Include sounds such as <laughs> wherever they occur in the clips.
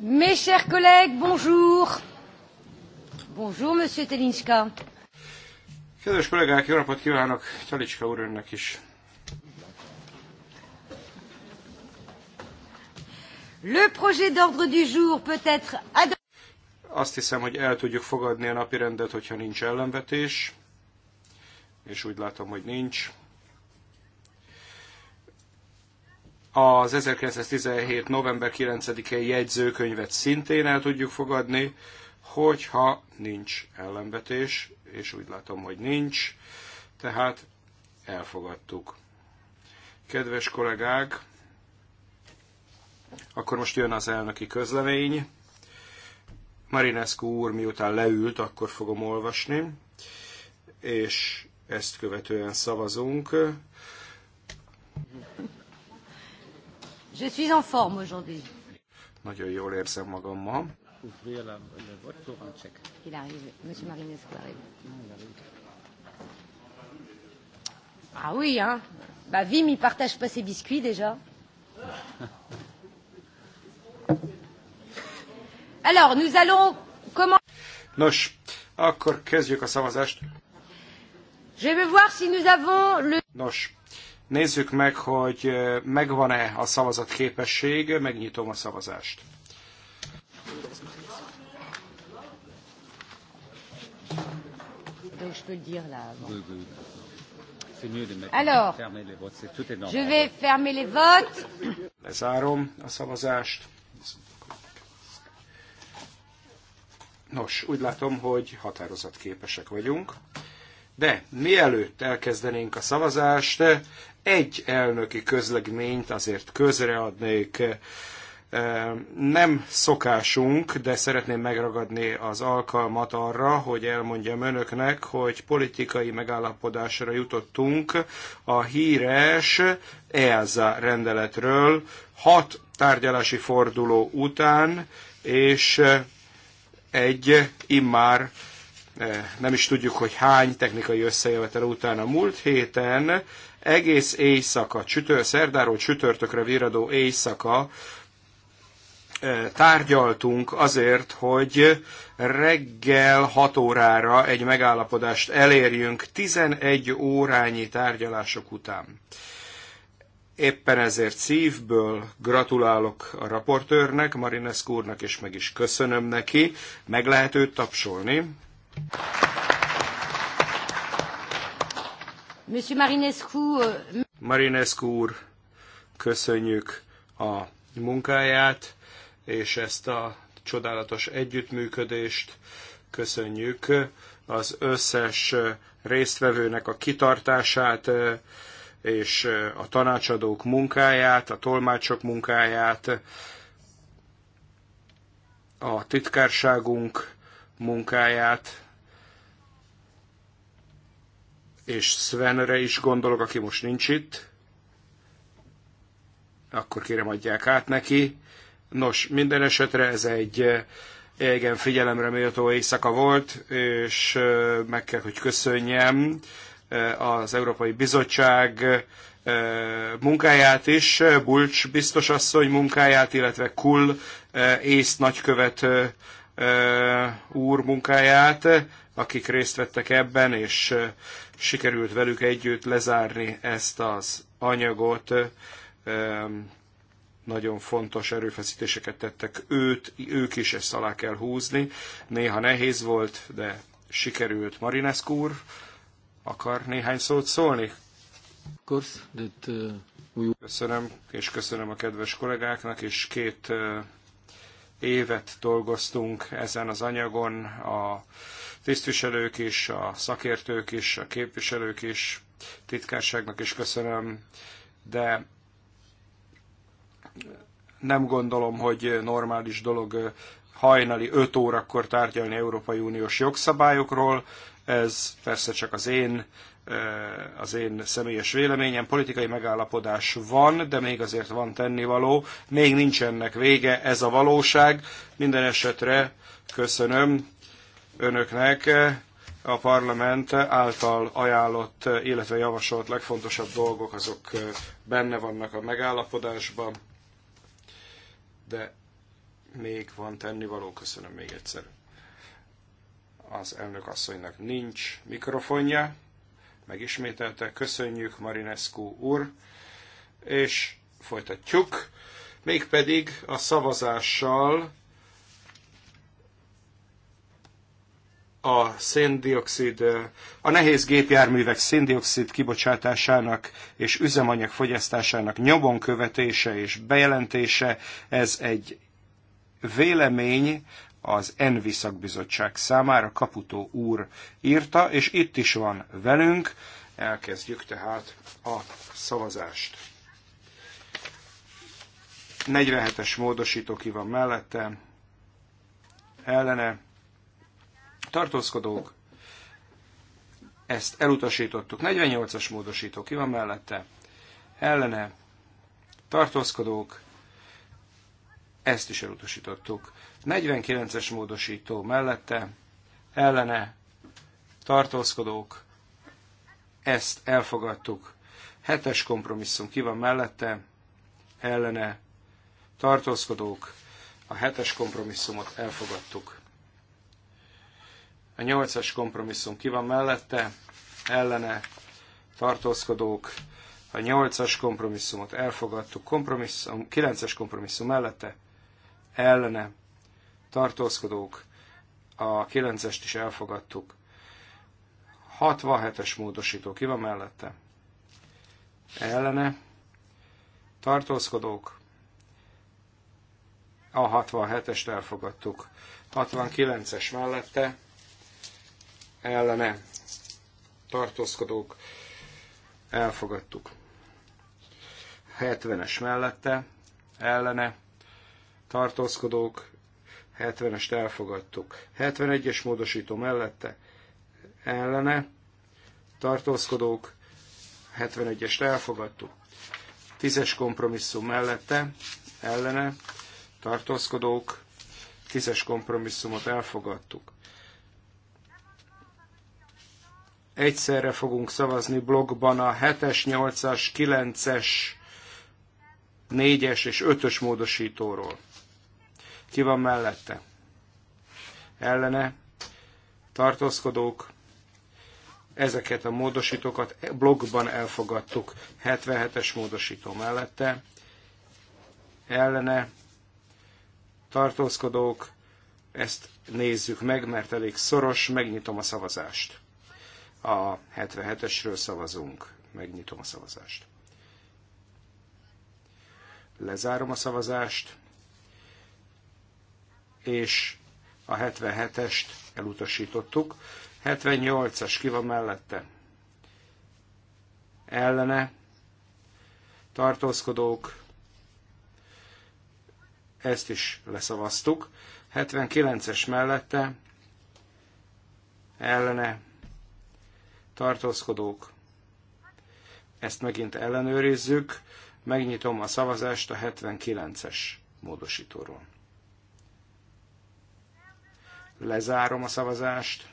Mes chers collègues, bonjour. Bonjour, Monsieur Telinska. Kedves kollégák, jó napot kívánok! Telicska úr önnek is. Le projet d'ordre du jour peut être Azt hiszem, hogy el tudjuk fogadni a napi rendet, hogyha nincs ellenvetés, és úgy látom, hogy nincs. Az 1917. november 9-i jegyzőkönyvet szintén el tudjuk fogadni, hogyha nincs ellenvetés, és úgy látom, hogy nincs, tehát elfogadtuk. Kedves kollégák, akkor most jön az elnöki közlemény. Marinescu úr miután leült, akkor fogom olvasni, és ezt követően szavazunk. Je suis en forme aujourd'hui. Nagyon jól érzem magam ma. Il arrive, Monsieur Marinescu arrive. Ah oui, hein Bah Vim, il partage pas ses biscuits déjà. Alors, nous allons comment Nos, akkor kezdjük a szavazást. Je vais voir si nous avons le... Nos, Nézzük meg, hogy megvan-e a szavazat képesség, megnyitom a szavazást. je Alors, Je vais fermer les votes. Lezárom a szavazást. Nos, úgy látom, hogy határozatképesek vagyunk. De mielőtt elkezdenénk a szavazást, egy elnöki közlegményt azért közreadnék. Nem szokásunk, de szeretném megragadni az alkalmat arra, hogy elmondjam önöknek, hogy politikai megállapodásra jutottunk a híres EASA rendeletről hat tárgyalási forduló után, és egy immár nem is tudjuk, hogy hány technikai összejövetel után a múlt héten egész éjszaka, csütör, szerdáról csütörtökre viradó éjszaka eh, tárgyaltunk azért, hogy reggel 6 órára egy megállapodást elérjünk 11 órányi tárgyalások után. Éppen ezért szívből gratulálok a raportőrnek, Marinescu úrnak, és meg is köszönöm neki. Meg lehet őt tapsolni. Marinescu... Euh, Marinescu úr, köszönjük a munkáját, és ezt a csodálatos együttműködést köszönjük az összes résztvevőnek a kitartását, eh, és eh, a tanácsadók munkáját, a tolmácsok munkáját, a titkárságunk munkáját, és Svenre is gondolok, aki most nincs itt, akkor kérem adják át neki. Nos, minden esetre ez egy eh, igen figyelemre méltó éjszaka volt, és eh, meg kell, hogy köszönjem eh, az Európai Bizottság munkáját is, Bulcs biztosasszony munkáját, illetve Kull ész nagykövet úr munkáját, akik részt vettek ebben, és sikerült velük együtt lezárni ezt az anyagot. Nagyon fontos erőfeszítéseket tettek őt, ők is ezt alá kell húzni. Néha nehéz volt, de sikerült. Marinescu úr akar néhány szót szólni? Uh, köszönöm, és köszönöm a kedves kollégáknak, és két évet dolgoztunk ezen az anyagon, a tisztviselők is, a szakértők is, a képviselők is, titkárságnak is köszönöm, de nem gondolom, hogy normális dolog hajnali 5 órakor tárgyalni Európai Uniós jogszabályokról. Ez persze csak az én Eh, az én személyes véleményem. Politikai megállapodás van, de még azért van tennivaló. Még nincsennek vége, ez a valóság. Minden esetre köszönöm önöknek a parlament által ajánlott, illetve javasolt legfontosabb dolgok, azok eh, benne vannak a megállapodásban, de még van tennivaló, köszönöm még egyszer. Az elnök asszonynak nincs mikrofonja megismételte. Köszönjük, Marinescu úr, és folytatjuk. Mégpedig a szavazással a széndiokszid, a nehéz gépjárművek széndiokszid kibocsátásának és üzemanyag fogyasztásának nyomon követése és bejelentése, ez egy vélemény, az Envi szakbizottság számára, Kaputó úr írta, és itt is van velünk. Elkezdjük tehát a szavazást. 47-es módosító ki van mellette, ellene, tartózkodók, ezt elutasítottuk. 48-as módosító ki van mellette, ellene, tartózkodók, ezt is elutasítottuk. 49-es módosító mellette ellene tartózkodók, ezt elfogadtuk. Hetes kompromisszum ki van mellette, ellene tartózkodók, a hetes kompromisszumot elfogadtuk. A nyolcas kompromisszum ki van mellette, ellene tartózkodók, a nyolcas kompromisszumot elfogadtuk, kompromisszum, kilences kompromisszum mellette, ellene tartózkodók, a 9-est is elfogadtuk. 67-es módosító, ki van mellette? Ellene, tartózkodók, a 67-est elfogadtuk. 69-es mellette, ellene, tartózkodók, elfogadtuk. 70-es mellette, ellene, tartózkodók, 70-est elfogadtuk. 71-es módosító mellette ellene tartózkodók, 71-est elfogadtuk. 10-es kompromisszum mellette ellene tartózkodók, 10-es kompromisszumot elfogadtuk. Egyszerre fogunk szavazni blogban a 7-es, 8-as, 9-es, 4-es és 5-ös módosítóról ki van mellette? Ellene tartózkodók. Ezeket a módosítókat blogban elfogadtuk. 77-es módosító mellette. Ellene tartózkodók. Ezt nézzük meg, mert elég szoros. Megnyitom a szavazást. A 77-esről szavazunk. Megnyitom a szavazást. Lezárom a szavazást és a 77-est elutasítottuk. 78-as ki van mellette? Ellene tartózkodók, ezt is leszavaztuk. 79-es mellette ellene tartózkodók, ezt megint ellenőrizzük, megnyitom a szavazást a 79-es módosítóról. Lezárom a szavazást.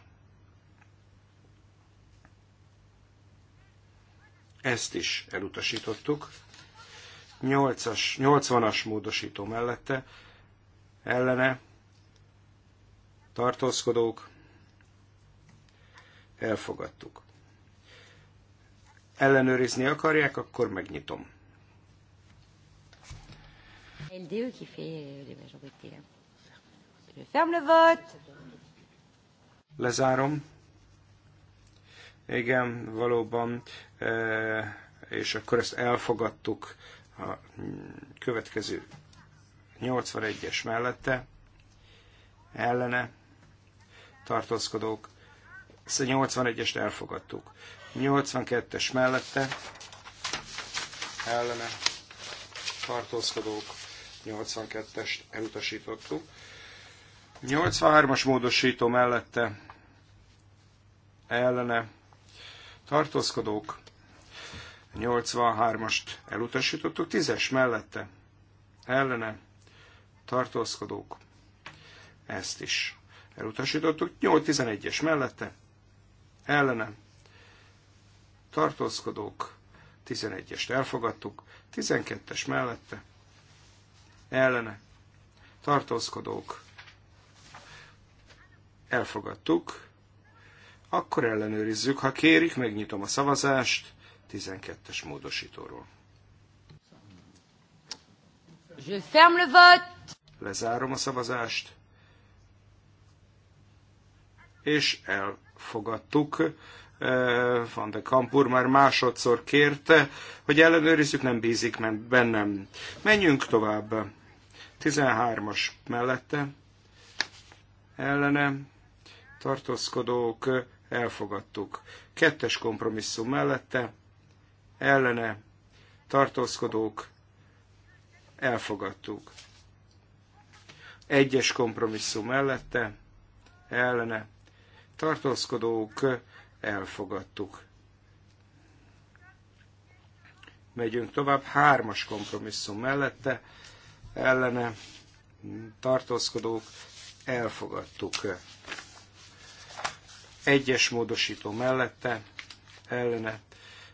Ezt is elutasítottuk. 80 as 80-as módosító mellette ellene tartózkodók elfogadtuk. Ellenőrizni akarják, akkor megnyitom. El Lezárom. Igen, valóban. E, és akkor ezt elfogadtuk a következő 81-es mellette, ellene tartózkodók. Ezt a 81-est elfogadtuk. 82-es mellette, ellene tartózkodók, 82-est elutasítottuk. 83-as módosító mellette ellene tartózkodók. 83-ast elutasítottuk, 10-es mellette ellene tartózkodók. Ezt is elutasítottuk, 8-11-es mellette ellene tartózkodók. 11-est elfogadtuk, 12-es mellette ellene tartózkodók elfogadtuk, akkor ellenőrizzük, ha kérik, megnyitom a szavazást 12-es módosítóról. Je ferme le vote. Lezárom a szavazást, és elfogadtuk. Van de Kampur már másodszor kérte, hogy ellenőrizzük, nem bízik bennem. Menjünk tovább. 13-as mellette, ellenem, tartózkodók, elfogadtuk. Kettes kompromisszum mellette, ellene, tartózkodók, elfogadtuk. Egyes kompromisszum mellette, ellene, tartózkodók, elfogadtuk. Megyünk tovább, hármas kompromisszum mellette, ellene, tartózkodók, elfogadtuk egyes módosító mellette, ellene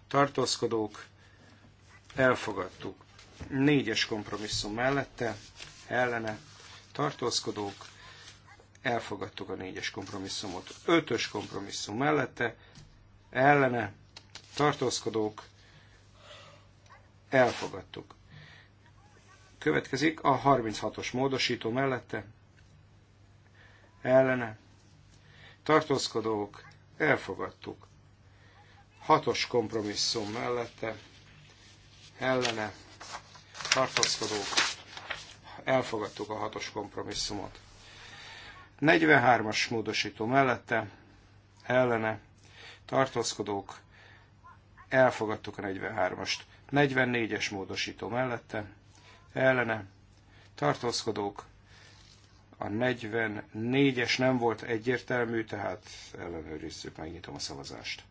tartózkodók, elfogadtuk. Négyes kompromisszum mellette, ellene tartózkodók, elfogadtuk a négyes kompromisszumot. Ötös kompromisszum mellette, ellene tartózkodók, elfogadtuk. Következik a 36-os módosító mellette, ellene tartózkodók, elfogadtuk. Hatos kompromisszum mellette, ellene, tartózkodók, elfogadtuk a hatos kompromisszumot. 43-as módosító mellette, ellene, tartózkodók, elfogadtuk a 43-ast. 44-es módosító mellette, ellene, tartózkodók, a 44-es nem volt egyértelmű, tehát ellenőrizzük, megnyitom a szavazást.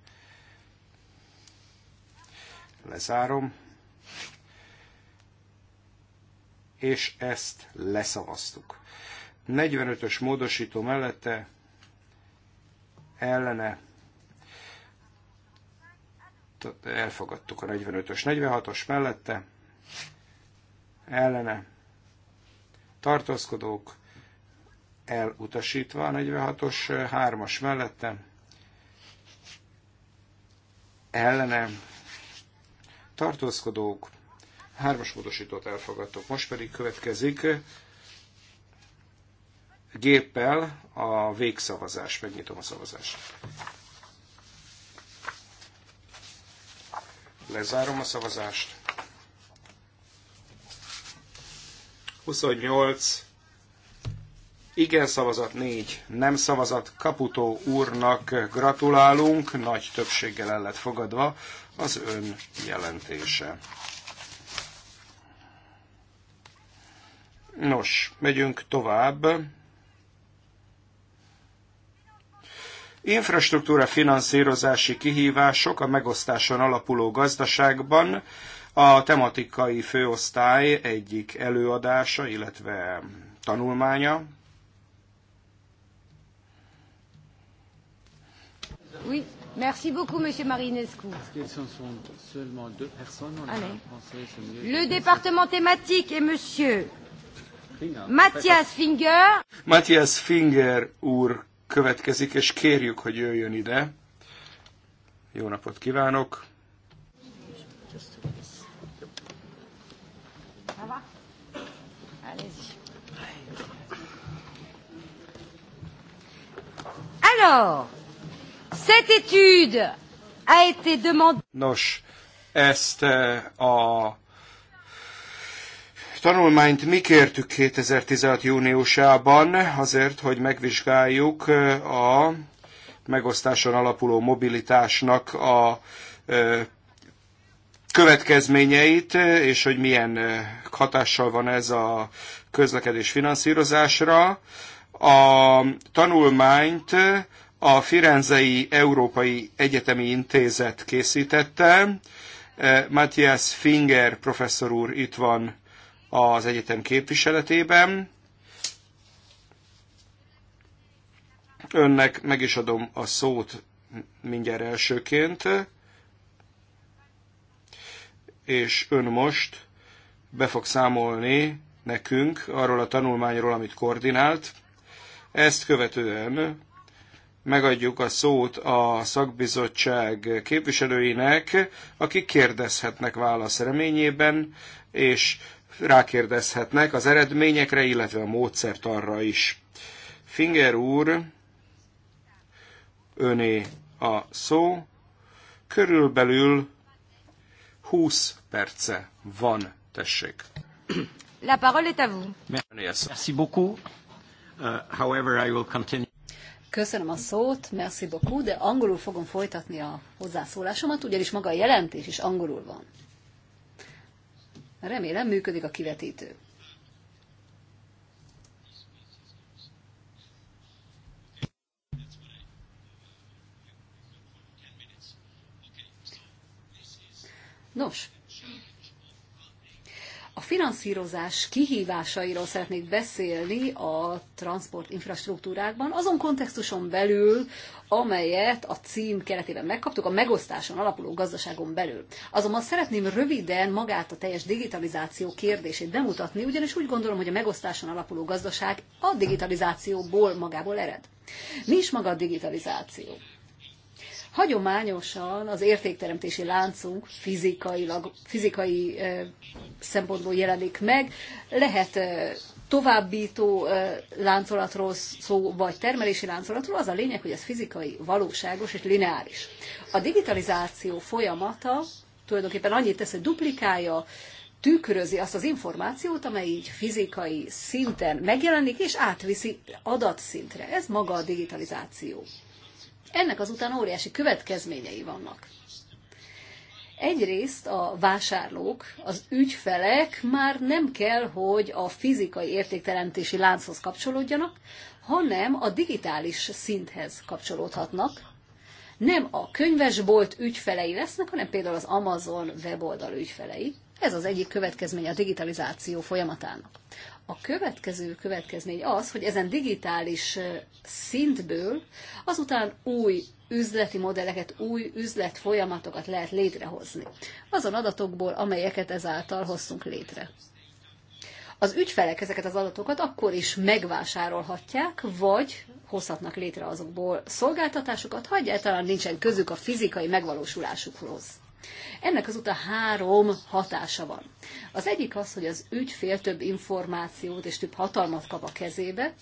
Lezárom. És ezt leszavaztuk. 45-ös módosító mellette ellene elfogadtuk a 45-ös, 46-os mellette, ellene tartózkodók, elutasítva a 46-os hármas mellettem, ellenem tartózkodók, hármas módosítót elfogadtok. Most pedig következik géppel a végszavazás. Megnyitom a szavazást. Lezárom a szavazást. 28 igen szavazat, négy nem szavazat. Kaputó úrnak gratulálunk, nagy többséggel el lett fogadva az ön jelentése. Nos, megyünk tovább. Infrastruktúra finanszírozási kihívások a megosztáson alapuló gazdaságban a tematikai főosztály egyik előadása, illetve tanulmánya. Oui, merci beaucoup, Monsieur Marinescu. Parce qu'ils sont, sont seulement deux personnes en Allez. français, mieux. Le département thématique est Monsieur Matthias Finger. Matthias Finger úr következik, és kérjük, hogy jöjjön ide. Jó napot kívánok! Alors, Cette étude a été demandée. Nos, ezt eh, a tanulmányt mi kértük 2016 júniusában, azért, hogy megvizsgáljuk eh, a megosztáson alapuló mobilitásnak a eh, következményeit, és hogy milyen hatással van ez a közlekedés finanszírozásra. A tanulmányt a Firenzei Európai Egyetemi Intézet készítette. E, Matthias Finger professzor úr itt van az egyetem képviseletében. Önnek meg is adom a szót mindjárt elsőként, és ön most be fog számolni nekünk arról a tanulmányról, amit koordinált. Ezt követően megadjuk a szót a szakbizottság képviselőinek, akik kérdezhetnek válasz reményében, és rákérdezhetnek az eredményekre, illetve a módszertanra is. Finger úr, öné a szó, körülbelül 20 perce van, tessék. La parole est à vous. Merci beaucoup. Uh, however, I will continue. Köszönöm a szót, merci beaucoup, de angolul fogom folytatni a hozzászólásomat, ugyanis maga a jelentés is angolul van. Remélem működik a kivetítő. Nos, a finanszírozás kihívásairól szeretnék beszélni a transport infrastruktúrákban, azon kontextuson belül, amelyet a cím keretében megkaptuk, a megosztáson alapuló gazdaságon belül. Azonban szeretném röviden magát a teljes digitalizáció kérdését bemutatni, ugyanis úgy gondolom, hogy a megosztáson alapuló gazdaság a digitalizációból magából ered. Mi is maga a digitalizáció? Hagyományosan az értékteremtési láncunk fizikailag, fizikai szempontból jelenik meg, lehet továbbító láncolatról szó, vagy termelési láncolatról, az a lényeg, hogy ez fizikai, valóságos és lineáris. A digitalizáció folyamata tulajdonképpen annyit tesz, hogy duplikálja, tükrözi azt az információt, amely így fizikai szinten megjelenik, és átviszi adatszintre. Ez maga a digitalizáció ennek azután óriási következményei vannak. Egyrészt a vásárlók, az ügyfelek már nem kell, hogy a fizikai értékteremtési lánchoz kapcsolódjanak, hanem a digitális szinthez kapcsolódhatnak. Nem a könyvesbolt ügyfelei lesznek, hanem például az Amazon weboldal ügyfelei. Ez az egyik következmény a digitalizáció folyamatának a következő következmény az, hogy ezen digitális szintből azután új üzleti modelleket, új üzletfolyamatokat lehet létrehozni. Azon adatokból, amelyeket ezáltal hoztunk létre. Az ügyfelek ezeket az adatokat akkor is megvásárolhatják, vagy hozhatnak létre azokból szolgáltatásokat, ha egyáltalán nincsen közük a fizikai megvalósulásukhoz. Ennek az azóta három hatása van. Az egyik az, hogy az ügyfél több információt és több hatalmat kap a kezébe,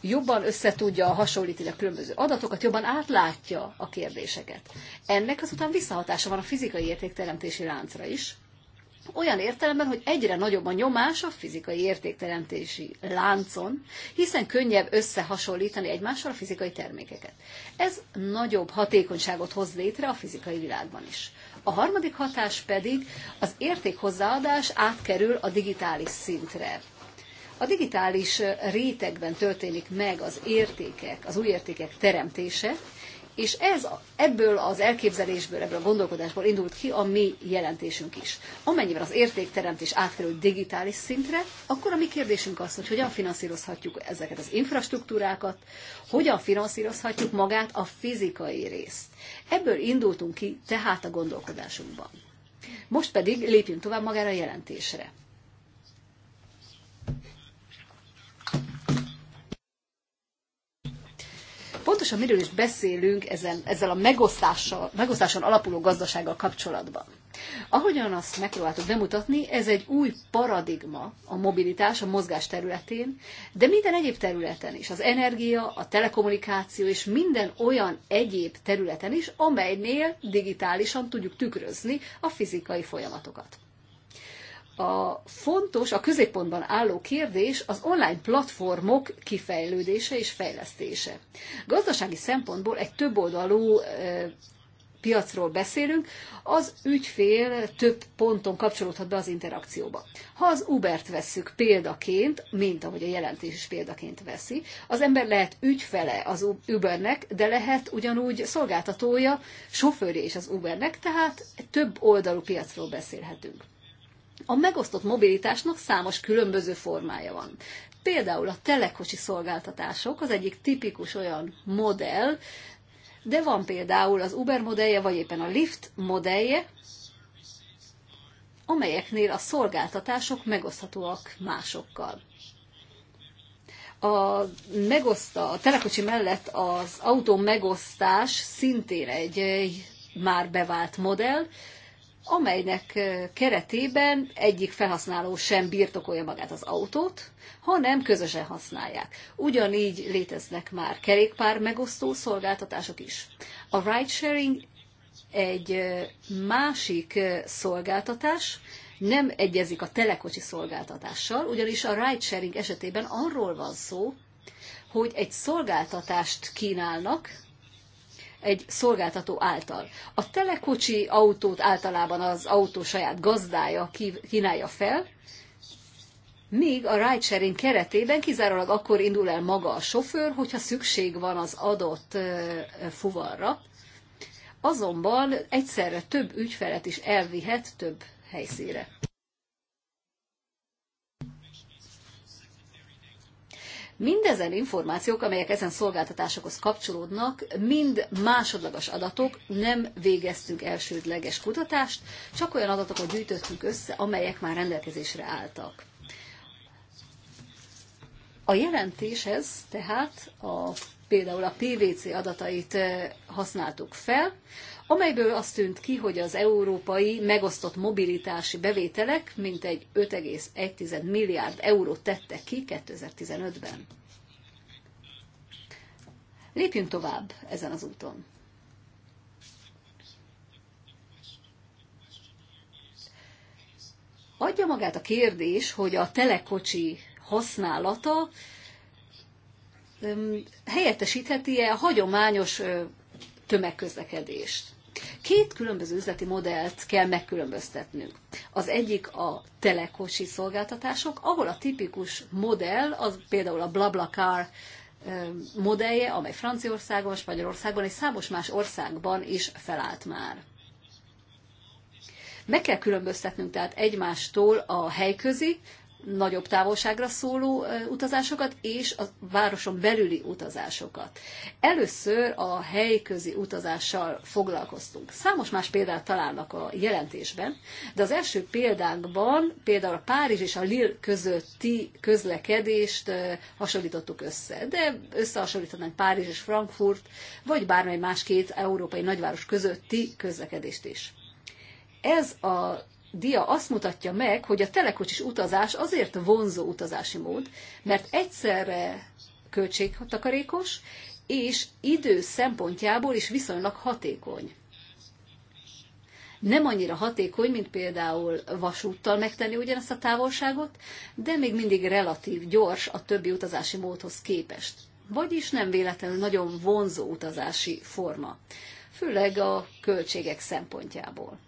jobban összetudja hasonlítani a különböző adatokat, jobban átlátja a kérdéseket. Ennek azután visszahatása van a fizikai értékteremtési láncra is, olyan értelemben, hogy egyre nagyobb a nyomás a fizikai értékteremtési láncon, hiszen könnyebb összehasonlítani egymással a fizikai termékeket. Ez nagyobb hatékonyságot hoz létre a fizikai világban is. A harmadik hatás pedig az értékhozzáadás átkerül a digitális szintre. A digitális rétegben történik meg az értékek, az új értékek teremtése, és ez ebből az elképzelésből, ebből a gondolkodásból indult ki a mi jelentésünk is. Amennyiben az értékteremtés átkerül digitális szintre, akkor a mi kérdésünk az, hogy hogyan finanszírozhatjuk ezeket az infrastruktúrákat, hogyan finanszírozhatjuk magát a fizikai részt. Ebből indultunk ki tehát a gondolkodásunkban. Most pedig lépjünk tovább magára a jelentésre. pontosan miről is beszélünk ezen, ezzel a megosztással, megosztáson alapuló gazdasággal kapcsolatban. Ahogyan azt megpróbáltuk bemutatni, ez egy új paradigma a mobilitás, a mozgás területén, de minden egyéb területen is, az energia, a telekommunikáció és minden olyan egyéb területen is, amelynél digitálisan tudjuk tükrözni a fizikai folyamatokat a fontos, a középpontban álló kérdés az online platformok kifejlődése és fejlesztése. Gazdasági szempontból egy többoldalú piacról beszélünk, az ügyfél több ponton kapcsolódhat be az interakcióba. Ha az Ubert vesszük példaként, mint ahogy a jelentés is példaként veszi, az ember lehet ügyfele az Ubernek, de lehet ugyanúgy szolgáltatója, sofőrje is az Ubernek, tehát több oldalú piacról beszélhetünk. A megosztott mobilitásnak számos különböző formája van. Például a telekocsi szolgáltatások az egyik tipikus olyan modell, de van például az Uber modellje, vagy éppen a Lyft modellje, amelyeknél a szolgáltatások megoszthatóak másokkal. A, megoszta, a telekocsi mellett az autó megosztás szintén egy, egy már bevált modell, amelynek keretében egyik felhasználó sem birtokolja magát az autót, hanem közösen használják. Ugyanígy léteznek már kerékpár megosztó szolgáltatások is. A ride-sharing egy másik szolgáltatás, nem egyezik a telekocsi szolgáltatással, ugyanis a ride-sharing esetében arról van szó, hogy egy szolgáltatást kínálnak, egy szolgáltató által. A telekocsi autót általában az autó saját gazdája kínálja fel, míg a ridesharing keretében kizárólag akkor indul el maga a sofőr, hogyha szükség van az adott fuvarra. Azonban egyszerre több ügyfelet is elvihet több helyszíre. Mindezen információk, amelyek ezen szolgáltatásokhoz kapcsolódnak, mind másodlagos adatok, nem végeztünk elsődleges kutatást, csak olyan adatokat gyűjtöttünk össze, amelyek már rendelkezésre álltak. A jelentéshez tehát a, például a PVC adatait eh, használtuk fel, amelyből azt tűnt ki, hogy az európai megosztott mobilitási bevételek mintegy 5,1 milliárd eurót tettek ki 2015-ben. Lépjünk tovább ezen az úton. Adja magát a kérdés, hogy a telekocsi használata helyettesítheti-e a hagyományos tömegközlekedést. Két különböző üzleti modellt kell megkülönböztetnünk. Az egyik a telekosi szolgáltatások, ahol a tipikus modell, az például a BlaBlaCar modellje, amely Franciaországon, Spanyolországon és számos más országban is felállt már. Meg kell különböztetnünk tehát egymástól a helyközi, nagyobb távolságra szóló utazásokat és a városon belüli utazásokat. Először a helyközi utazással foglalkoztunk. Számos más példát találnak a jelentésben, de az első példánkban például a Párizs és a Lille közötti közlekedést hasonlítottuk össze, de összehasonlítanánk Párizs és Frankfurt, vagy bármely más két európai nagyváros közötti közlekedést is. Ez a dia azt mutatja meg, hogy a telekocsis utazás azért vonzó utazási mód, mert egyszerre költségtakarékos, és idő szempontjából is viszonylag hatékony. Nem annyira hatékony, mint például vasúttal megtenni ugyanezt a távolságot, de még mindig relatív gyors a többi utazási módhoz képest. Vagyis nem véletlenül nagyon vonzó utazási forma, főleg a költségek szempontjából.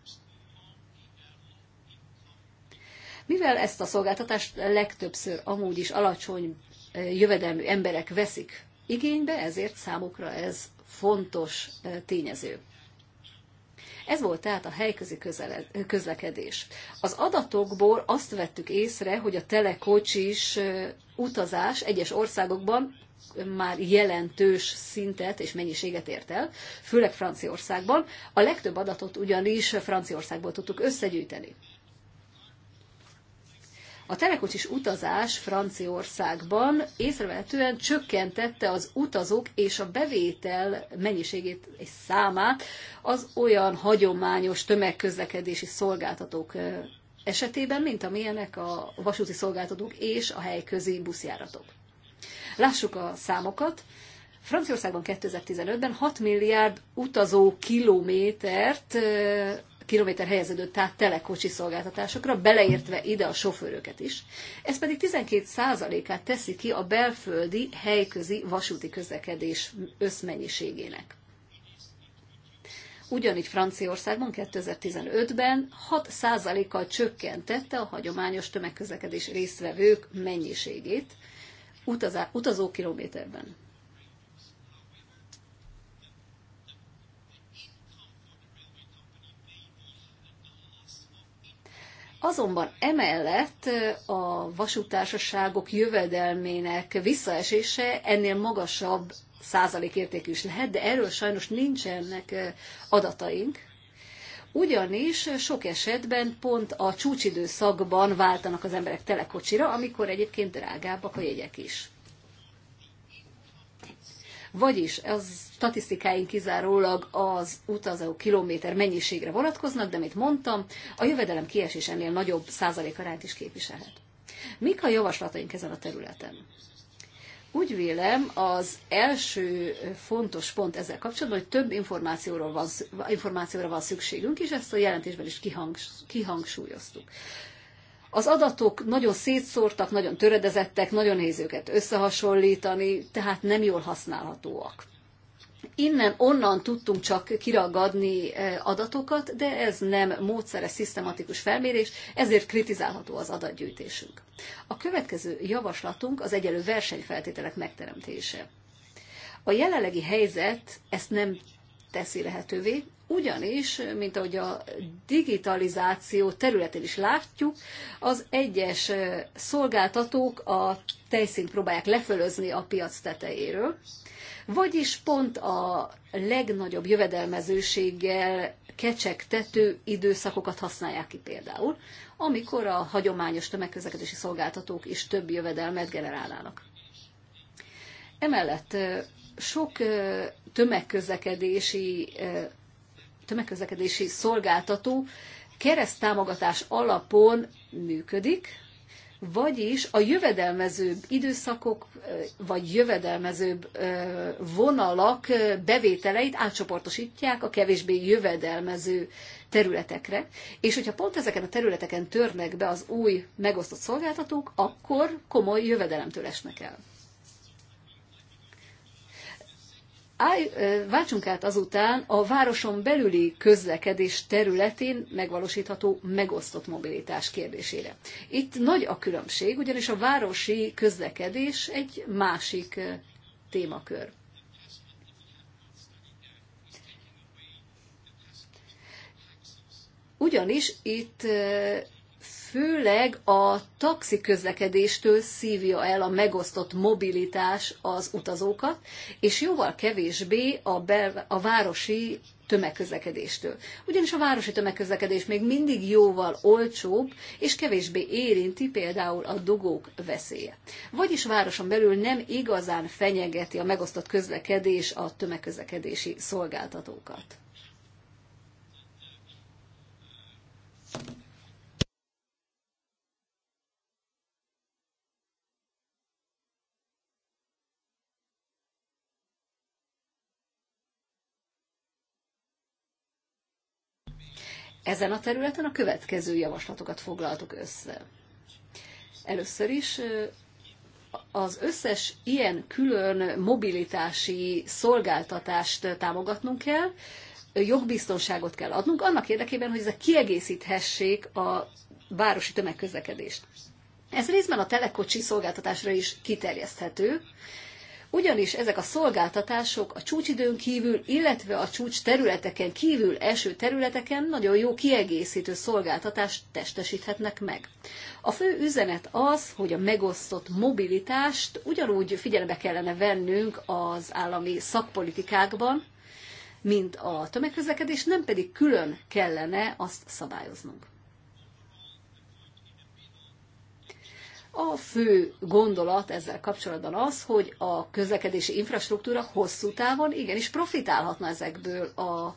Mivel ezt a szolgáltatást legtöbbször amúgy is alacsony eh, jövedelmű emberek veszik igénybe, ezért számukra ez fontos eh, tényező. Ez volt tehát a helyközi közlekedés. Az adatokból azt vettük észre, hogy a telekocsis eh, utazás egyes országokban már jelentős szintet és mennyiséget ért el, főleg Franciaországban. A legtöbb adatot ugyanis Franciaországból tudtuk összegyűjteni. A telekocsis utazás Franciaországban észrevehetően csökkentette az utazók és a bevétel mennyiségét és számát az olyan hagyományos tömegközlekedési szolgáltatók esetében, mint amilyenek a vasúti szolgáltatók és a helyközi buszjáratok. Lássuk a számokat. Franciaországban 2015-ben 6 milliárd utazó kilométert kilométer helyeződött, tehát telekocsi szolgáltatásokra, beleértve ide a sofőröket is. Ez pedig 12%-át teszi ki a belföldi helyközi vasúti közlekedés összmennyiségének. Ugyanígy Franciaországban 2015-ben 6%-kal csökkentette a hagyományos tömegközlekedés résztvevők mennyiségét utazó utazókilométerben. Azonban emellett a vasútársaságok jövedelmének visszaesése ennél magasabb százalékérték is lehet, de erről sajnos nincsenek adataink, ugyanis sok esetben pont a csúcsidőszakban váltanak az emberek telekocsira, amikor egyébként drágábbak a jegyek is. Vagyis az statisztikáink kizárólag az utazó kilométer mennyiségre vonatkoznak, de mint mondtam, a jövedelem kiesés ennél nagyobb százalékarányt is képviselhet. Mik a javaslataink ezen a területen? Úgy vélem, az első fontos pont ezzel kapcsolatban, hogy több információról van, információra van szükségünk, és ezt a jelentésben is kihangsúlyoztuk. Az adatok nagyon szétszórtak, nagyon töredezettek, nagyon nehéz őket összehasonlítani, tehát nem jól használhatóak. Innen, onnan tudtunk csak kiragadni e, adatokat, de ez nem módszeres, szisztematikus felmérés, ezért kritizálható az adatgyűjtésünk. A következő javaslatunk az egyelő versenyfeltételek megteremtése. A jelenlegi helyzet ezt nem teszi lehetővé, ugyanis, mint ahogy a digitalizáció területén is látjuk, az egyes e, szolgáltatók a tejszint próbálják lefölözni a piac tetejéről, vagyis pont a legnagyobb jövedelmezőséggel kecsegtető időszakokat használják ki például, amikor a hagyományos tömegközlekedési szolgáltatók is több jövedelmet generálnának. Emellett sok tömegközlekedési, tömegközlekedési szolgáltató kereszttámogatás alapon működik, vagyis a jövedelmezőbb időszakok vagy jövedelmezőbb vonalak bevételeit átcsoportosítják a kevésbé jövedelmező területekre, és hogyha pont ezeken a területeken törnek be az új megosztott szolgáltatók, akkor komoly jövedelemtől esnek el. állj, váltsunk át azután a városon belüli közlekedés területén megvalósítható megosztott mobilitás kérdésére. Itt nagy a különbség, ugyanis a városi közlekedés egy másik témakör. Ugyanis itt főleg a taxi közlekedéstől szívja el a megosztott mobilitás az utazókat, és jóval kevésbé a, bel- a városi tömegközlekedéstől. Ugyanis a városi tömegközlekedés még mindig jóval olcsóbb, és kevésbé érinti például a dugók veszélye. Vagyis városon belül nem igazán fenyegeti a megosztott közlekedés a tömegközlekedési szolgáltatókat. Ezen a területen a következő javaslatokat foglaltuk össze. Először is az összes ilyen külön mobilitási szolgáltatást támogatnunk kell, jogbiztonságot kell adnunk, annak érdekében, hogy ezek kiegészíthessék a városi tömegközlekedést. Ez részben a telekocsi szolgáltatásra is kiterjeszthető, ugyanis ezek a szolgáltatások a csúcsidőn kívül, illetve a csúcs területeken kívül eső területeken nagyon jó kiegészítő szolgáltatást testesíthetnek meg. A fő üzenet az, hogy a megosztott mobilitást ugyanúgy figyelembe kellene vennünk az állami szakpolitikákban, mint a tömegközlekedés, nem pedig külön kellene azt szabályoznunk. A fő gondolat ezzel kapcsolatban az, hogy a közlekedési infrastruktúra hosszú távon igenis profitálhatna ezekből a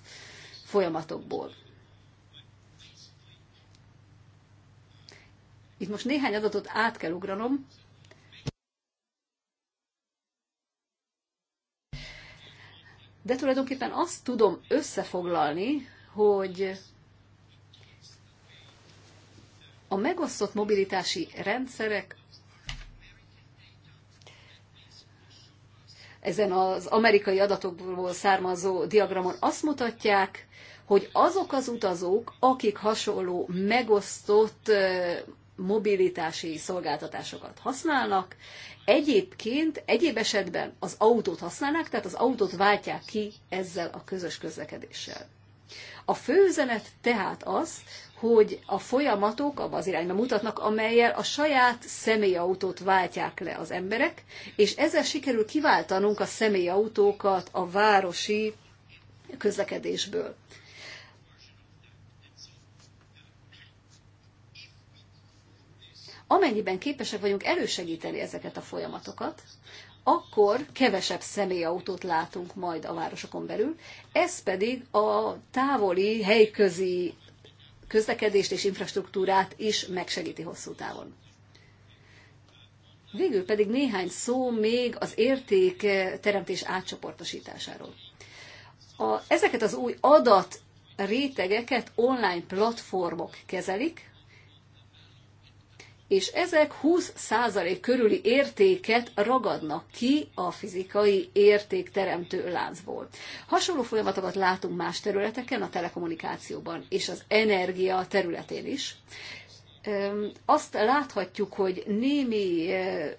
folyamatokból. Itt most néhány adatot át kell ugranom. De tulajdonképpen azt tudom összefoglalni, hogy a megosztott mobilitási rendszerek ezen az amerikai adatokból származó diagramon azt mutatják, hogy azok az utazók, akik hasonló megosztott mobilitási szolgáltatásokat használnak, egyébként egyéb esetben az autót használnak, tehát az autót váltják ki ezzel a közös közlekedéssel. A fő üzenet tehát az, hogy a folyamatok abban az irányba mutatnak, amelyel a saját személyautót váltják le az emberek, és ezzel sikerül kiváltanunk a személyautókat a városi közlekedésből. Amennyiben képesek vagyunk elősegíteni ezeket a folyamatokat, akkor kevesebb személyautót látunk majd a városokon belül, ez pedig a távoli helyközi közlekedést és infrastruktúrát is megsegíti hosszú távon. Végül pedig néhány szó még az érték teremtés átcsoportosításáról. A, ezeket az új adat rétegeket online platformok kezelik, és ezek 20% körüli értéket ragadnak ki a fizikai értékteremtő láncból. Hasonló folyamatokat látunk más területeken, a telekommunikációban és az energia területén is. Azt láthatjuk, hogy némi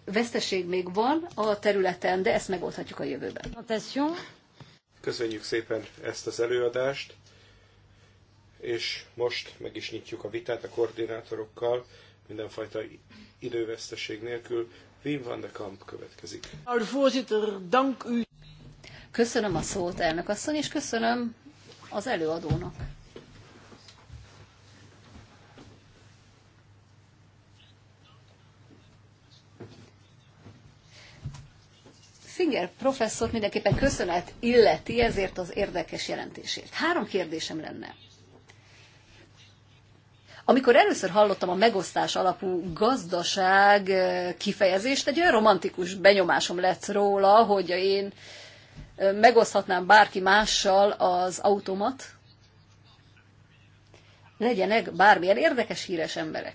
veszteség még van a területen, de ezt megoldhatjuk a jövőben. Köszönjük szépen ezt az előadást, és most meg is nyitjuk a vitát a koordinátorokkal mindenfajta időveszteség nélkül. Wim van de Kamp következik. Köszönöm a szót, elnök asszony, és köszönöm az előadónak. Finger professzort mindenképpen köszönet illeti ezért az érdekes jelentésért. Három kérdésem lenne. Amikor először hallottam a megosztás alapú gazdaság eh, kifejezést, egy olyan romantikus benyomásom lett róla, hogy én eh, megoszthatnám bárki mással az automat, legyenek bármilyen érdekes, híres emberek.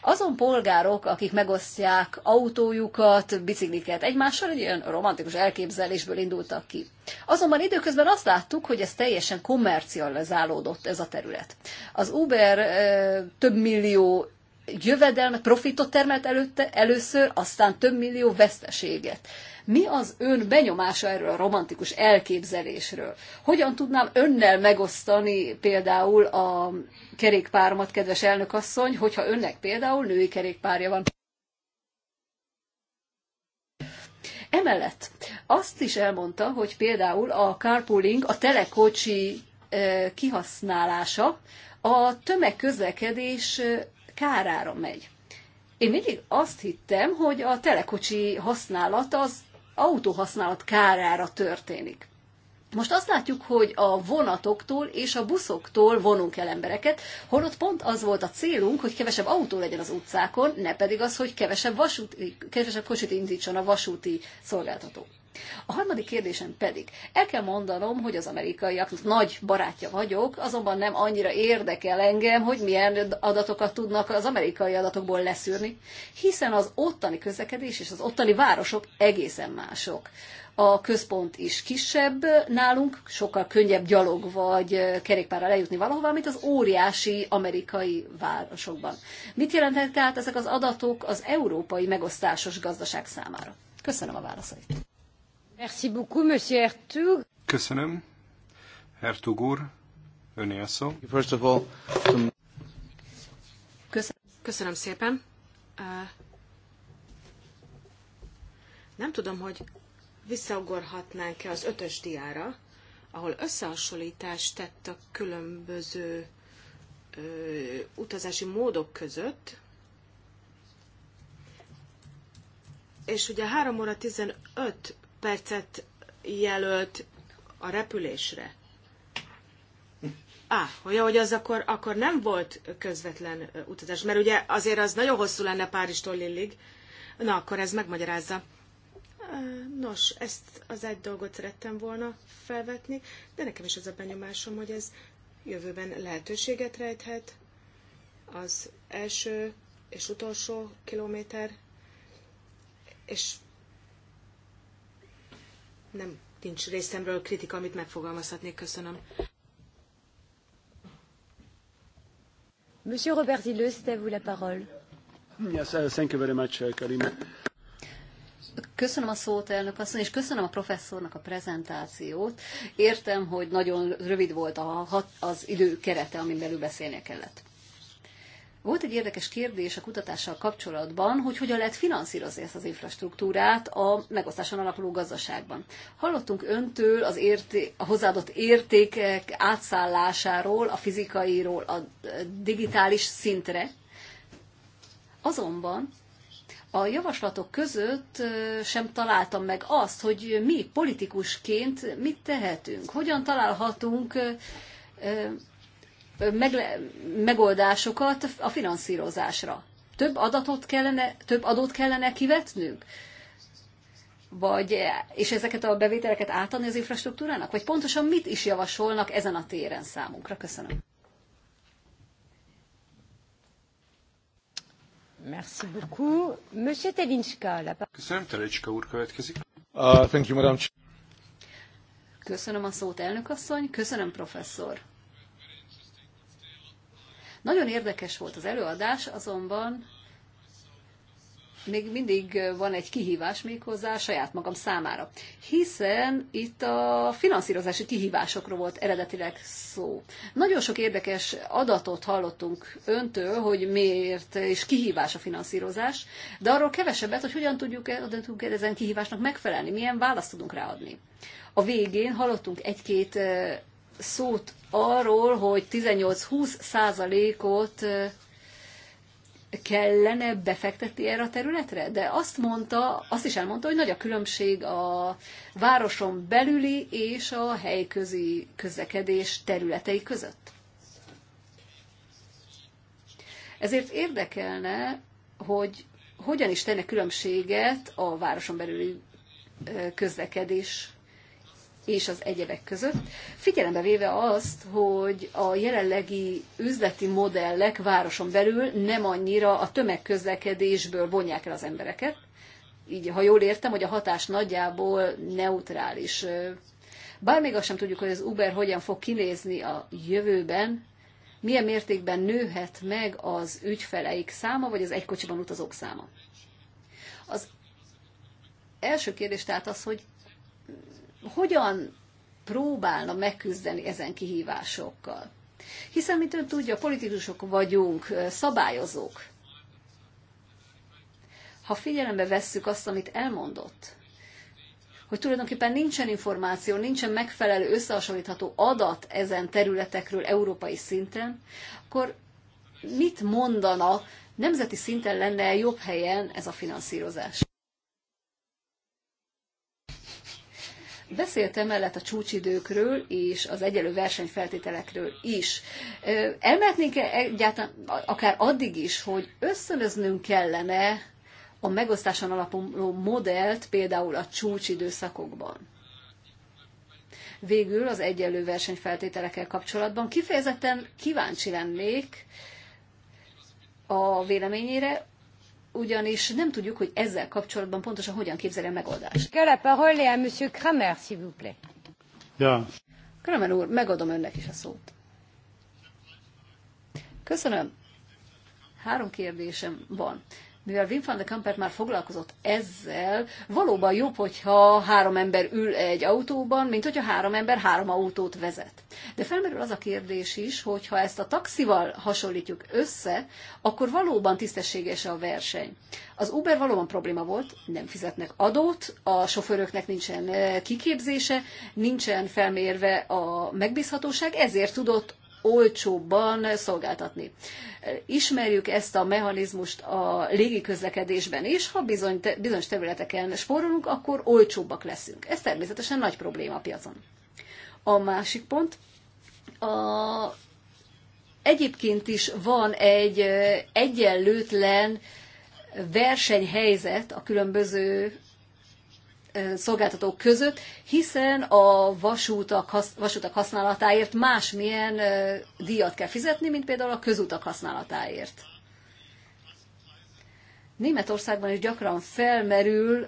Azon polgárok, akik megosztják autójukat, bicikliket egymással, egy ilyen romantikus elképzelésből indultak ki. Azonban időközben azt láttuk, hogy ez teljesen kommercializálódott ez a terület. Az Uber e, több millió jövedelmet, profitot termelt előtte, először, aztán több millió veszteséget. Mi az ön benyomása erről a romantikus elképzelésről? Hogyan tudnám önnel megosztani például a kerékpáromat, kedves elnökasszony, hogyha önnek például női kerékpárja van? Emellett azt is elmondta, hogy például a carpooling, a telekocsi e, kihasználása a tömegközlekedés e, kárára megy. Én mindig azt hittem, hogy a telekocsi használat az autóhasználat kárára történik. Most azt látjuk, hogy a vonatoktól és a buszoktól vonunk el embereket, holott pont az volt a célunk, hogy kevesebb autó legyen az utcákon, ne pedig az, hogy kevesebb, vasúti, kevesebb kocsit indítson a vasúti szolgáltató. A harmadik kérdésem pedig, el kell mondanom, hogy az amerikaiak nagy barátja vagyok, azonban nem annyira érdekel engem, hogy milyen adatokat tudnak az amerikai adatokból leszűrni, hiszen az ottani közlekedés és az ottani városok egészen mások. A központ is kisebb nálunk, sokkal könnyebb gyalog vagy kerékpárral eljutni valahova, mint az óriási amerikai városokban. Mit jelentenek tehát ezek az adatok az európai megosztásos gazdaság számára? Köszönöm a válaszait. Merci beaucoup, Monsieur Ertug. Köszönöm. Hertug úr, öné a szó. First of all, Köszönöm, Köszönöm szépen. Nem tudom, hogy visszaugorhatnánk-e az ötös diára, ahol összehasonlítást tett a különböző ö, utazási módok között, és ugye 3 óra 15 percet jelölt a repülésre. Á, ah, ja, hogy az akkor, akkor nem volt közvetlen utazás, mert ugye azért az nagyon hosszú lenne Párizstól Lillig. Na, akkor ez megmagyarázza. Nos, ezt az egy dolgot szerettem volna felvetni, de nekem is az a benyomásom, hogy ez jövőben lehetőséget rejthet. Az első és utolsó kilométer, és nem nincs részemről kritika, amit megfogalmazhatnék. Köszönöm. Monsieur Robert Zilleux, c'est à vous la parole. Yes, uh, thank you very much, uh, Karina. Köszönöm a szót, elnök asszony, és köszönöm a professzornak a prezentációt. Értem, hogy nagyon rövid volt a, az idő kerete, amin belül beszélnie kellett. Volt egy érdekes kérdés a kutatással kapcsolatban, hogy hogyan lehet finanszírozni ezt az infrastruktúrát a megosztáson alakuló gazdaságban. Hallottunk öntől az érté- a hozzáadott értékek átszállásáról, a fizikairól, a digitális szintre. Azonban a javaslatok között sem találtam meg azt, hogy mi politikusként mit tehetünk, hogyan találhatunk megoldásokat a finanszírozásra. Több adatot kellene, több adót kellene kivetnünk? Vagy, és ezeket a bevételeket átadni az infrastruktúrának? Vagy pontosan mit is javasolnak ezen a téren számunkra? Köszönöm. Merci beaucoup. Monsieur Telinska, la Köszönöm, Telinska úr következik. Uh, thank you, Madame. Köszönöm a szót, elnök asszony. Köszönöm, professzor. Nagyon érdekes volt az előadás, azonban még mindig van egy kihívás méghozzá saját magam számára. Hiszen itt a finanszírozási kihívásokról volt eredetileg szó. Nagyon sok érdekes adatot hallottunk öntől, hogy miért és kihívás a finanszírozás, de arról kevesebbet, hogy hogyan tudjuk, hogyan tudjuk ezen kihívásnak megfelelni, milyen választ tudunk ráadni. A végén hallottunk egy-két szót arról, hogy 18-20 százalékot kellene befektetni erre a területre? De azt mondta, azt is elmondta, hogy nagy a különbség a városon belüli és a helyközi közlekedés területei között. Ezért érdekelne, hogy hogyan is tenne különbséget a városon belüli közlekedés és az egyebek között, figyelembe véve azt, hogy a jelenlegi üzleti modellek városon belül nem annyira a tömegközlekedésből vonják el az embereket, így ha jól értem, hogy a hatás nagyjából neutrális. Bár még azt sem tudjuk, hogy az Uber hogyan fog kinézni a jövőben, milyen mértékben nőhet meg az ügyfeleik száma, vagy az egykocsiban utazók száma. Az első kérdés tehát az, hogy hogyan próbálna megküzdeni ezen kihívásokkal. Hiszen, mint ön tudja, politikusok vagyunk, szabályozók. Ha figyelembe vesszük azt, amit elmondott, hogy tulajdonképpen nincsen információ, nincsen megfelelő összehasonlítható adat ezen területekről európai szinten, akkor mit mondana, nemzeti szinten lenne jobb helyen ez a finanszírozás? Beszélt emellett a csúcsidőkről és az egyelő versenyfeltételekről is. Elmehetnénk-e egyáltalán akár addig is, hogy összönöznünk kellene a megosztáson alapuló modellt például a csúcsidőszakokban? Végül az egyelő versenyfeltételekkel kapcsolatban kifejezetten kíváncsi lennék a véleményére, ugyanis nem tudjuk, hogy ezzel kapcsolatban pontosan hogyan képzelje a megoldást. La monsieur Kramer, Kramer úr, megadom önnek is a szót. Köszönöm. Három kérdésem van mivel Wim van de Kampert már foglalkozott ezzel, valóban jobb, hogyha három ember ül egy autóban, mint hogyha három ember három autót vezet. De felmerül az a kérdés is, hogy ha ezt a taxival hasonlítjuk össze, akkor valóban tisztességes a verseny. Az Uber valóban probléma volt, nem fizetnek adót, a sofőröknek nincsen eh, kiképzése, nincsen felmérve a megbízhatóság, ezért tudott olcsóbban szolgáltatni. Ismerjük ezt a mechanizmust a légiközlekedésben is, ha bizony, bizonyos területeken spórolunk, akkor olcsóbbak leszünk. Ez természetesen nagy probléma a piacon. A másik pont, a egyébként is van egy egyenlőtlen versenyhelyzet a különböző szolgáltatók között, hiszen a vasútak, vasútak használatáért másmilyen díjat kell fizetni, mint például a közutak használatáért. Németországban is gyakran felmerül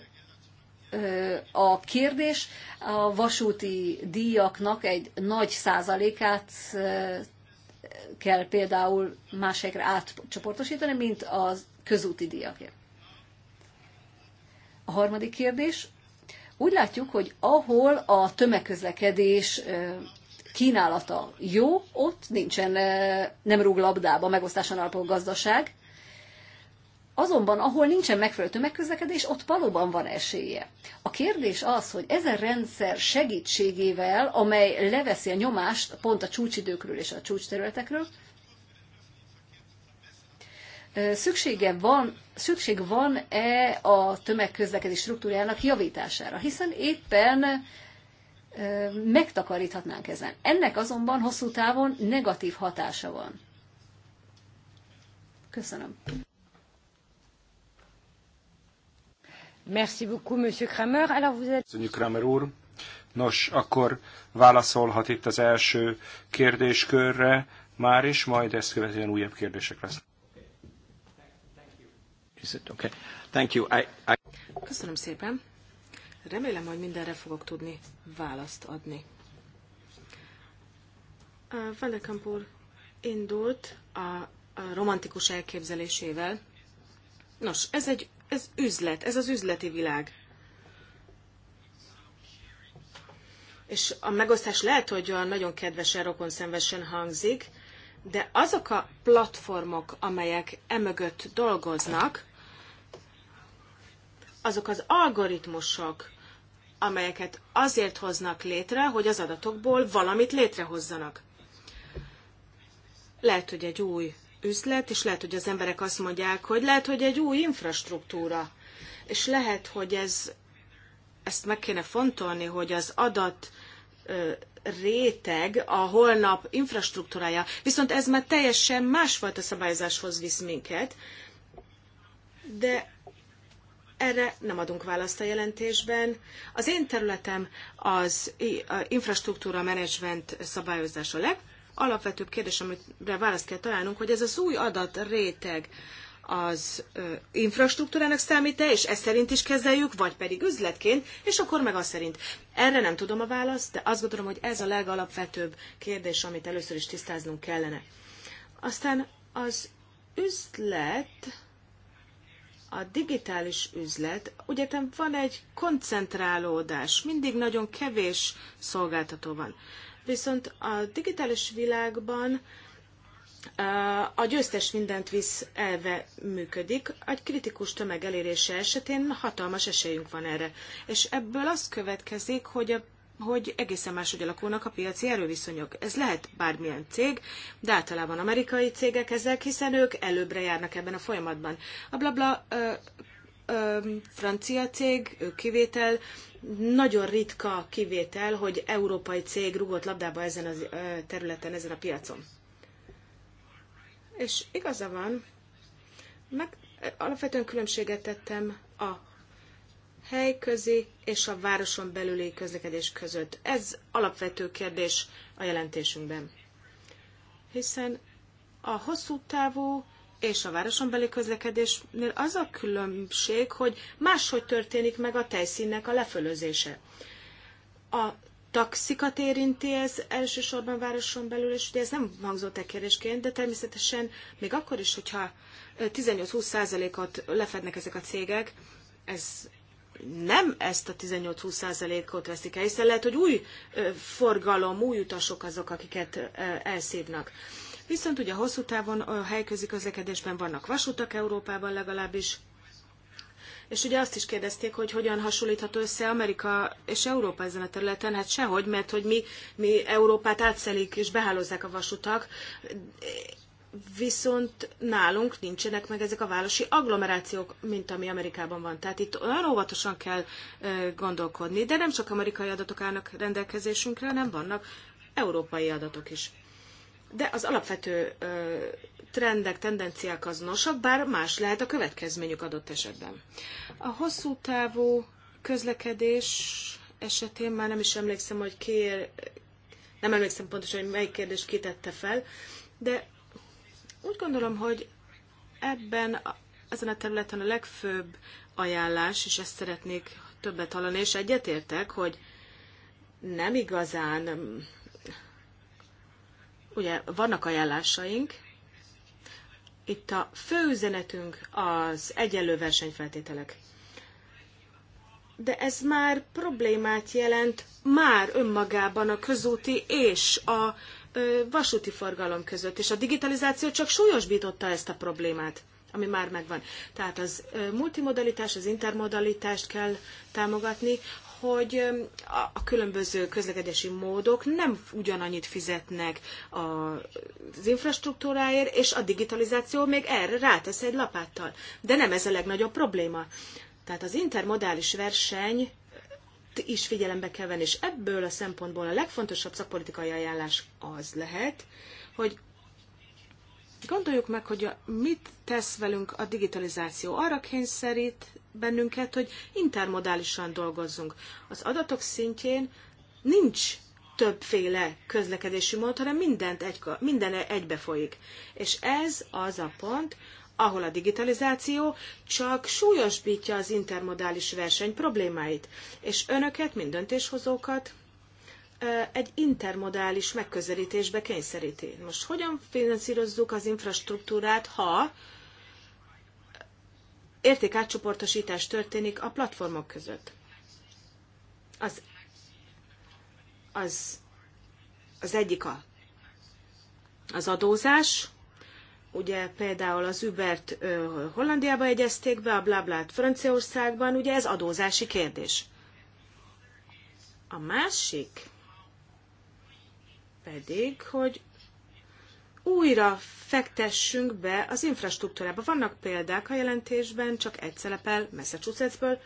a kérdés, a vasúti díjaknak egy nagy százalékát kell például más helyekre átcsoportosítani, mint a közúti díjakért. A harmadik kérdés, úgy látjuk, hogy ahol a tömegközlekedés kínálata jó, ott nincsen, nem rúg labdába megosztáson alapú gazdaság, Azonban, ahol nincsen megfelelő tömegközlekedés, ott valóban van esélye. A kérdés az, hogy a rendszer segítségével, amely leveszi a nyomást pont a csúcsidőkről és a csúcsterületekről, szüksége van, szükség van-e a tömegközlekedés struktúrájának javítására, hiszen éppen megtakaríthatnánk ezen. Ennek azonban hosszú távon negatív hatása van. Köszönöm. Merci beaucoup, Monsieur Kramer. Alors vous êtes... Monsieur Kramer úr. Nos, akkor válaszolhat itt az első kérdéskörre már is, majd ezt követően újabb kérdések lesznek. Is it okay? Thank you. I, I... Köszönöm szépen. Remélem, hogy mindenre fogok tudni választ adni. Vandekampur indult a, a romantikus elképzelésével. Nos, ez egy ez üzlet, ez az üzleti világ. És a megosztás lehet, hogy olyan nagyon kedvesen, rokon szenvesen hangzik, de azok a platformok, amelyek emögött dolgoznak, azok az algoritmusok, amelyeket azért hoznak létre, hogy az adatokból valamit létrehozzanak. Lehet, hogy egy új üzlet, és lehet, hogy az emberek azt mondják, hogy lehet, hogy egy új infrastruktúra, és lehet, hogy ez, ezt meg kéne fontolni, hogy az adat réteg a holnap infrastruktúrája. Viszont ez már teljesen másfajta szabályozáshoz visz minket, de erre nem adunk választ a jelentésben. Az én területem az infrastruktúra menedzsment szabályozása leg. Alapvetőbb kérdés, amire választ kell találnunk, hogy ez az új adat réteg az infrastruktúrának számít-e, és ezt szerint is kezeljük, vagy pedig üzletként, és akkor meg azt szerint. Erre nem tudom a választ, de azt gondolom, hogy ez a legalapvetőbb kérdés, amit először is tisztáznunk kellene. Aztán az üzlet a digitális üzlet, ugye van egy koncentrálódás, mindig nagyon kevés szolgáltató van. Viszont a digitális világban eh, a győztes mindent visz elve működik, egy kritikus tömeg elérése esetén hatalmas esélyünk van erre. És ebből az következik, hogy a hogy egészen máshogy alakulnak a piaci erőviszonyok. Ez lehet bármilyen cég, de általában amerikai cégek ezek, hiszen ők előbbre járnak ebben a folyamatban. A blabla ö, ö, francia cég, ők kivétel, nagyon ritka kivétel, hogy európai cég rugott labdába ezen a területen, ezen a piacon. És igaza van, meg alapvetően különbséget tettem a helyközi és a városon belüli közlekedés között. Ez alapvető kérdés a jelentésünkben. Hiszen a hosszú távú és a városon belüli közlekedésnél az a különbség, hogy máshogy történik meg a tejszínnek a lefölözése. A taxikat érinti ez elsősorban városon belül, és ugye ez nem hangzott el kérdésként, de természetesen még akkor is, hogyha 18 20 százalékot lefednek ezek a cégek, ez nem ezt a 18-20%-ot veszik el, hiszen lehet, hogy új forgalom, új utasok azok, akiket elszívnak. Viszont ugye hosszú távon a helyközi közlekedésben vannak vasutak Európában legalábbis, és ugye azt is kérdezték, hogy hogyan hasonlítható össze Amerika és Európa ezen a területen. Hát sehogy, mert hogy mi, mi Európát átszelik és behálozzák a vasutak, viszont nálunk nincsenek meg ezek a városi agglomerációk, mint ami Amerikában van. Tehát itt olyan óvatosan kell gondolkodni, de nem csak amerikai adatok állnak rendelkezésünkre, hanem vannak európai adatok is. De az alapvető trendek, tendenciák azonosak, bár más lehet a következményük adott esetben. A hosszú távú közlekedés esetén már nem is emlékszem, hogy ki, nem emlékszem pontosan, hogy melyik kérdést kitette fel, de úgy gondolom, hogy ebben ezen a területen a legfőbb ajánlás, és ezt szeretnék többet hallani, és egyetértek, hogy nem igazán, mm, ugye vannak ajánlásaink, itt a fő üzenetünk az egyenlő versenyfeltételek. De ez már problémát jelent már önmagában a közúti és a vasúti forgalom között, és a digitalizáció csak súlyosbította ezt a problémát ami már megvan. Tehát az multimodalitás, az intermodalitást kell támogatni, hogy a különböző közlekedési módok nem ugyanannyit fizetnek az infrastruktúráért, és a digitalizáció még erre rátesz egy lapáttal. De nem ez a legnagyobb probléma. Tehát az intermodális verseny is figyelembe kell venni, és ebből a szempontból a legfontosabb szakpolitikai ajánlás az lehet, hogy gondoljuk meg, hogy a, mit tesz velünk a digitalizáció. Arra kényszerít bennünket, hogy intermodálisan dolgozzunk. Az adatok szintjén nincs többféle közlekedési mód, hanem mindent egy, minden egybe folyik. És ez az a pont, ahol a digitalizáció csak súlyosbítja az intermodális verseny problémáit, és önöket, mint döntéshozókat egy intermodális megközelítésbe kényszeríti. Most hogyan finanszírozzuk az infrastruktúrát, ha értékátcsoportosítás történik a platformok között? Az, az, az egyik a, az adózás, ugye például az Übert Hollandiába egyezték be, a Blablát Franciaországban, ugye ez adózási kérdés. A másik pedig, hogy újra fektessünk be az infrastruktúrába. Vannak példák a jelentésben, csak egy szerepel Massachusettsből,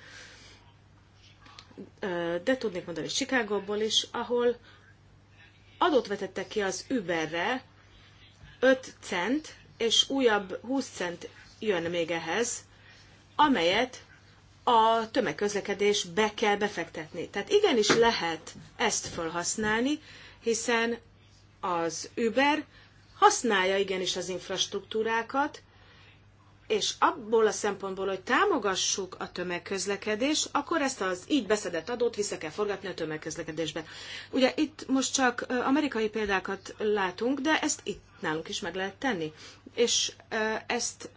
de tudnék mondani Chicagóból is, ahol adót vetettek ki az Uberre 5 cent, és újabb 20 cent jön még ehhez, amelyet a tömegközlekedés be kell befektetni. Tehát igenis lehet ezt felhasználni, hiszen az Uber használja igenis az infrastruktúrákat, és abból a szempontból, hogy támogassuk a tömegközlekedést, akkor ezt az így beszedett adót vissza kell forgatni a tömegközlekedésbe. Ugye itt most csak amerikai példákat látunk, de ezt itt nálunk is meg lehet tenni. És ezt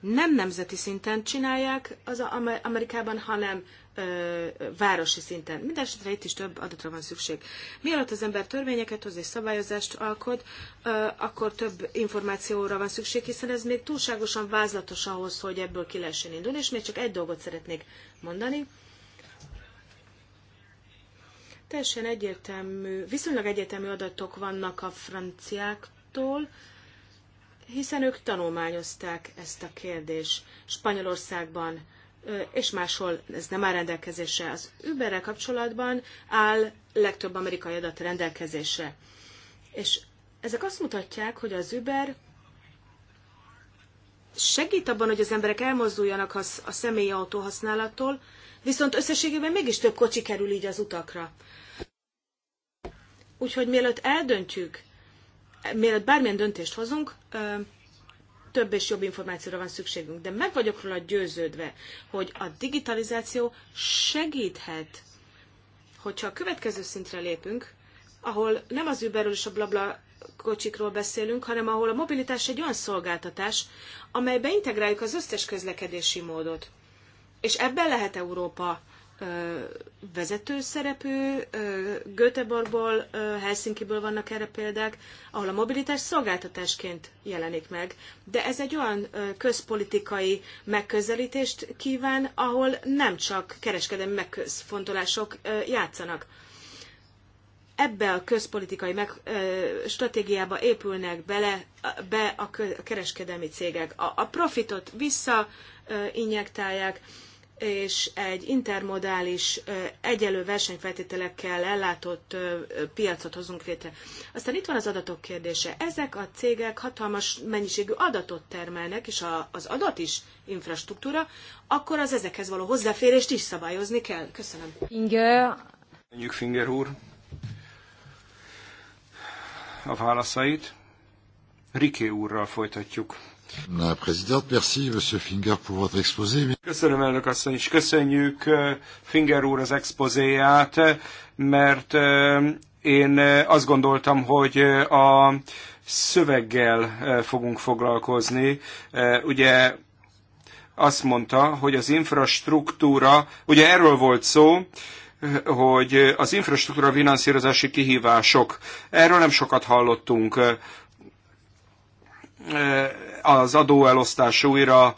nem nemzeti szinten csinálják az Amerikában, hanem ö, városi szinten. Mindenesetre itt is több adatra van szükség. Mielőtt az ember törvényeket hoz és szabályozást alkot, ö, akkor több információra van szükség, hiszen ez még túlságosan vázlatos ahhoz, hogy ebből ki lehessen indulni, és még csak egy dolgot szeretnék mondani. Teljesen egyértelmű, viszonylag egyértelmű adatok vannak a franciáktól, hiszen ők tanulmányozták ezt a kérdést. Spanyolországban és máshol ez nem áll rendelkezésre. Az Uberrel kapcsolatban áll legtöbb amerikai adat rendelkezésre. És ezek azt mutatják, hogy az Uber segít abban, hogy az emberek elmozduljanak a személyi autó használattól, viszont összességében mégis több kocsi kerül így az utakra. Úgyhogy mielőtt eldöntjük, mielőtt bármilyen döntést hozunk, több és jobb információra van szükségünk. De meg vagyok róla győződve, hogy a digitalizáció segíthet, hogyha a következő szintre lépünk, ahol nem az Uberről és a blabla kocsikról beszélünk, hanem ahol a mobilitás egy olyan szolgáltatás, amelybe integráljuk az összes közlekedési módot. És ebben lehet Európa vezető szerepű, Göteborgból, Helsinkiből vannak erre példák, ahol a mobilitás szolgáltatásként jelenik meg. De ez egy olyan közpolitikai megközelítést kíván, ahol nem csak kereskedelmi megközfontolások játszanak. Ebbe a közpolitikai meg, stratégiába épülnek bele be a kereskedelmi cégek. A, a profitot visszainjektálják, és egy intermodális, egyelő versenyfeltételekkel ellátott piacot hozunk létre. Aztán itt van az adatok kérdése. Ezek a cégek hatalmas mennyiségű adatot termelnek, és a, az adat is infrastruktúra, akkor az ezekhez való hozzáférést is szabályozni kell. Köszönöm. Finger. Mondjuk Finger úr a válaszait. Riké úrral folytatjuk. La présidente, merci, monsieur Finger, pour votre exposé. Köszönöm, elnök asszony, és köszönjük eh, Finger úr az expozéját, mert eh, én eh, azt gondoltam, hogy a szöveggel fogunk foglalkozni. Ugye azt mondta, hogy az infrastruktúra, ugye erről volt szó, hogy az infrastruktúra finanszírozási kihívások. Erről nem sokat hallottunk az adóelosztás újra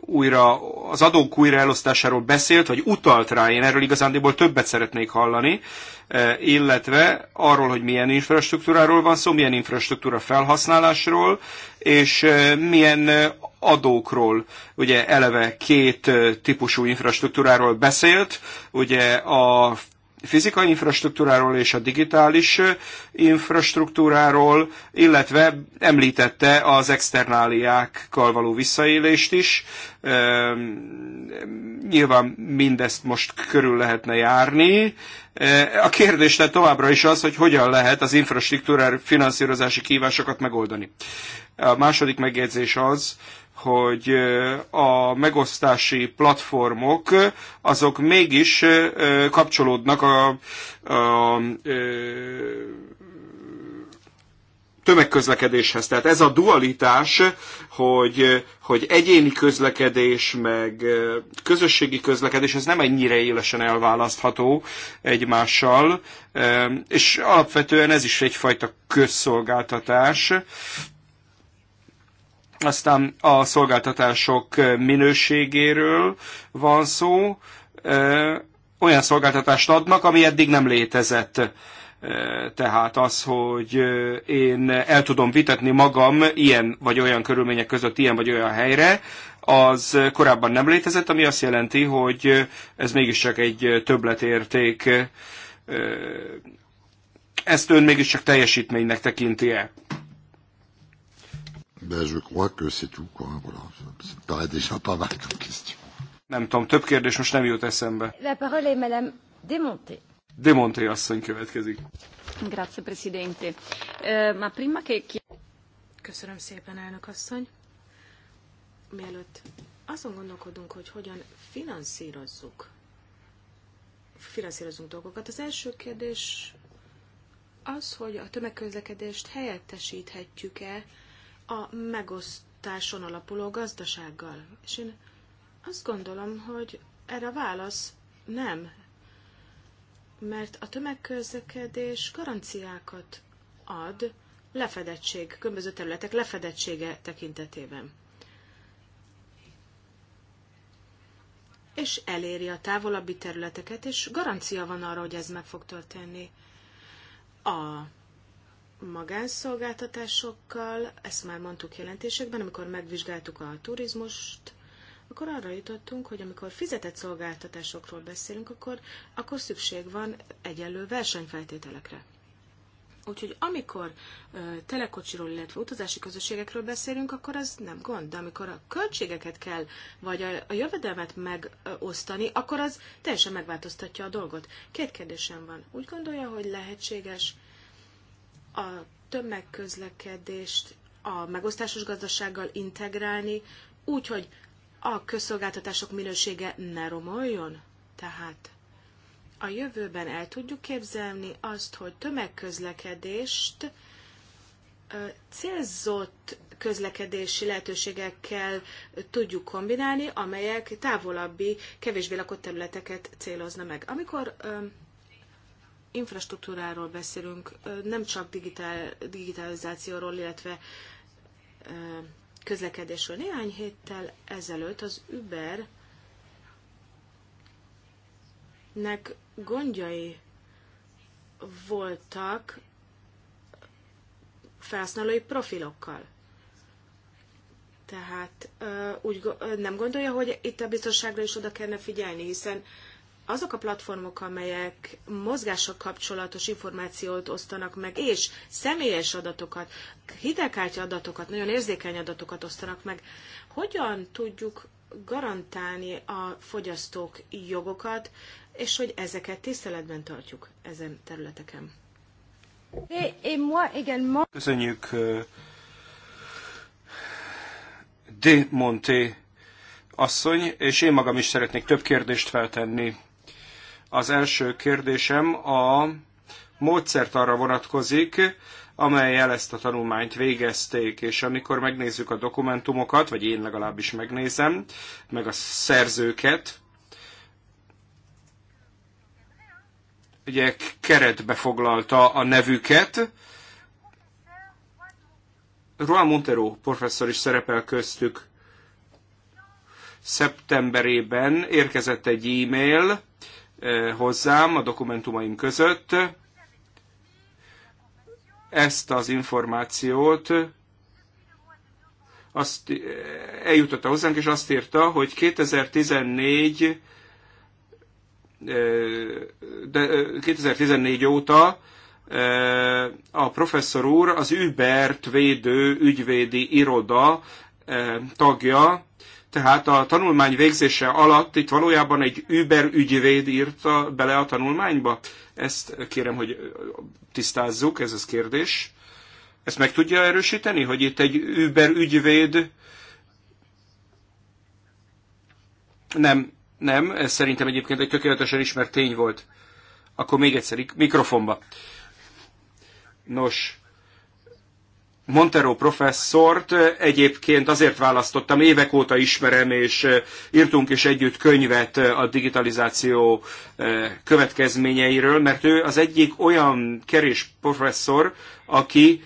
újra az adók újraelosztásáról beszélt, vagy utalt rá, én erről igazándiból többet szeretnék hallani, illetve arról, hogy milyen infrastruktúráról van szó, milyen infrastruktúra felhasználásról, és milyen adókról. Ugye eleve két típusú infrastruktúráról beszélt, ugye a fizikai infrastruktúráról és a digitális infrastruktúráról, illetve említette az externáliákkal való visszaélést is. Nyilván mindezt most körül lehetne járni. A kérdés tehát továbbra is az, hogy hogyan lehet az infrastruktúrár finanszírozási kívásokat megoldani. A második megjegyzés az, hogy a megosztási platformok azok mégis kapcsolódnak a, a tömegközlekedéshez. Tehát ez a dualitás, hogy, hogy egyéni közlekedés, meg közösségi közlekedés, ez nem ennyire élesen elválasztható egymással, és alapvetően ez is egyfajta közszolgáltatás. Aztán a szolgáltatások minőségéről van szó, olyan szolgáltatást adnak, ami eddig nem létezett. Tehát az, hogy én el tudom vitetni magam ilyen vagy olyan körülmények között, ilyen vagy olyan helyre, az korábban nem létezett, ami azt jelenti, hogy ez mégiscsak egy többletérték. Ezt ön mégiscsak teljesítménynek tekinti-e? Ben, je crois que c'est tout, quoi. Voilà. Ça me paraît déjà pas mal comme question. Nem tudom, több kérdés most nem jut eszembe. La parole est madame Demonté. Demonté asszony következik. Grazie, presidente. Uh, ma prima che... Köszönöm szépen, elnök asszony. Mielőtt azon gondolkodunk, hogy hogyan finanszírozzuk, finanszírozunk dolgokat, az első kérdés az, hogy a tömegközlekedést helyettesíthetjük-e a megosztáson alapuló gazdasággal. És én azt gondolom, hogy erre a válasz nem, mert a tömegközlekedés garanciákat ad lefedettség, különböző területek lefedettsége tekintetében. És eléri a távolabbi területeket, és garancia van arra, hogy ez meg fog történni. A magánszolgáltatásokkal, ezt már mondtuk jelentésekben, amikor megvizsgáltuk a turizmust, akkor arra jutottunk, hogy amikor fizetett szolgáltatásokról beszélünk, akkor, akkor szükség van egyenlő versenyfeltételekre. Úgyhogy amikor ö, telekocsiról, illetve utazási közösségekről beszélünk, akkor az nem gond, de amikor a költségeket kell, vagy a, a jövedelmet megosztani, akkor az teljesen megváltoztatja a dolgot. Két kérdésem van. Úgy gondolja, hogy lehetséges a tömegközlekedést a megosztásos gazdasággal integrálni, úgy, hogy a közszolgáltatások minősége ne romoljon? Tehát a jövőben el tudjuk képzelni azt, hogy tömegközlekedést célzott közlekedési lehetőségekkel tudjuk kombinálni, amelyek távolabbi, kevésbé lakott területeket célozna meg. Amikor infrastruktúráról beszélünk, nem csak digitál, digitalizációról, illetve közlekedésről. Néhány héttel ezelőtt az Uber nek gondjai voltak felhasználói profilokkal. Tehát úgy nem gondolja, hogy itt a biztonságra is oda kellene figyelni, hiszen azok a platformok, amelyek mozgások kapcsolatos információt osztanak meg, és személyes adatokat, hitelkártya adatokat, nagyon érzékeny adatokat osztanak meg, hogyan tudjuk garantálni a fogyasztók jogokat, és hogy ezeket tiszteletben tartjuk ezen területeken. Köszönjük De Monté asszony, és én magam is szeretnék több kérdést feltenni az első kérdésem a módszert arra vonatkozik, amelyel ezt a tanulmányt végezték, és amikor megnézzük a dokumentumokat, vagy én legalábbis megnézem, meg a szerzőket, ugye keretbe foglalta a nevüket. Juan Montero professzor is szerepel köztük. Szeptemberében érkezett egy e-mail hozzám a dokumentumaim között. Ezt az információt azt eljutotta hozzánk, és azt írta, hogy 2014 de 2014 óta eh, a professzor úr az Übert védő ügyvédi iroda eh, tagja, tehát a tanulmány végzése alatt itt valójában egy Uber ügyvéd írta bele a tanulmányba? Ezt kérem, hogy tisztázzuk, ez az kérdés. Ezt meg tudja erősíteni, hogy itt egy Uber ügyvéd nem, nem, ez szerintem egyébként egy tökéletesen ismert tény volt. Akkor még egyszer, mikrofonba. Nos, Montero professzort egyébként azért választottam, évek óta ismerem, és írtunk is együtt könyvet a digitalizáció következményeiről, mert ő az egyik olyan kerés professzor, aki,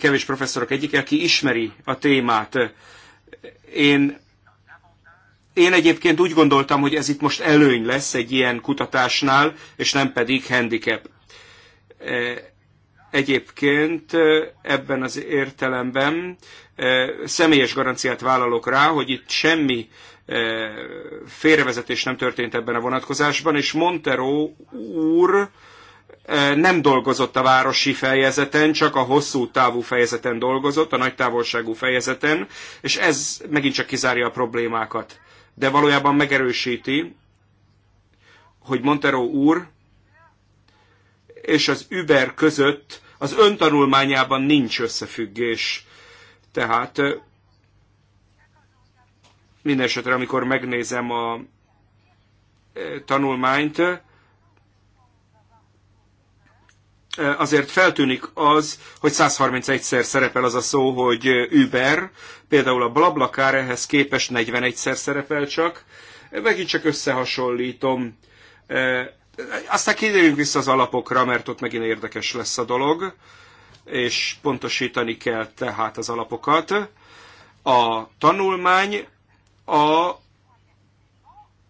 kevés professzorok egyik, aki ismeri a témát. Én én egyébként úgy gondoltam, hogy ez itt most előny lesz egy ilyen kutatásnál, és nem pedig handicap egyébként ebben az értelemben személyes garanciát vállalok rá, hogy itt semmi félrevezetés nem történt ebben a vonatkozásban, és Montero úr nem dolgozott a városi fejezeten, csak a hosszú távú fejezeten dolgozott, a nagy távolságú fejezeten, és ez megint csak kizárja a problémákat. De valójában megerősíti, hogy Montero úr és az Uber között az öntanulmányában nincs összefüggés. Tehát minden amikor megnézem a tanulmányt, azért feltűnik az, hogy 131-szer szerepel az a szó, hogy Uber, például a Blablacar ehhez képest 41-szer szerepel csak. Megint csak összehasonlítom aztán kérjünk vissza az alapokra, mert ott megint érdekes lesz a dolog, és pontosítani kell tehát az alapokat. A tanulmány a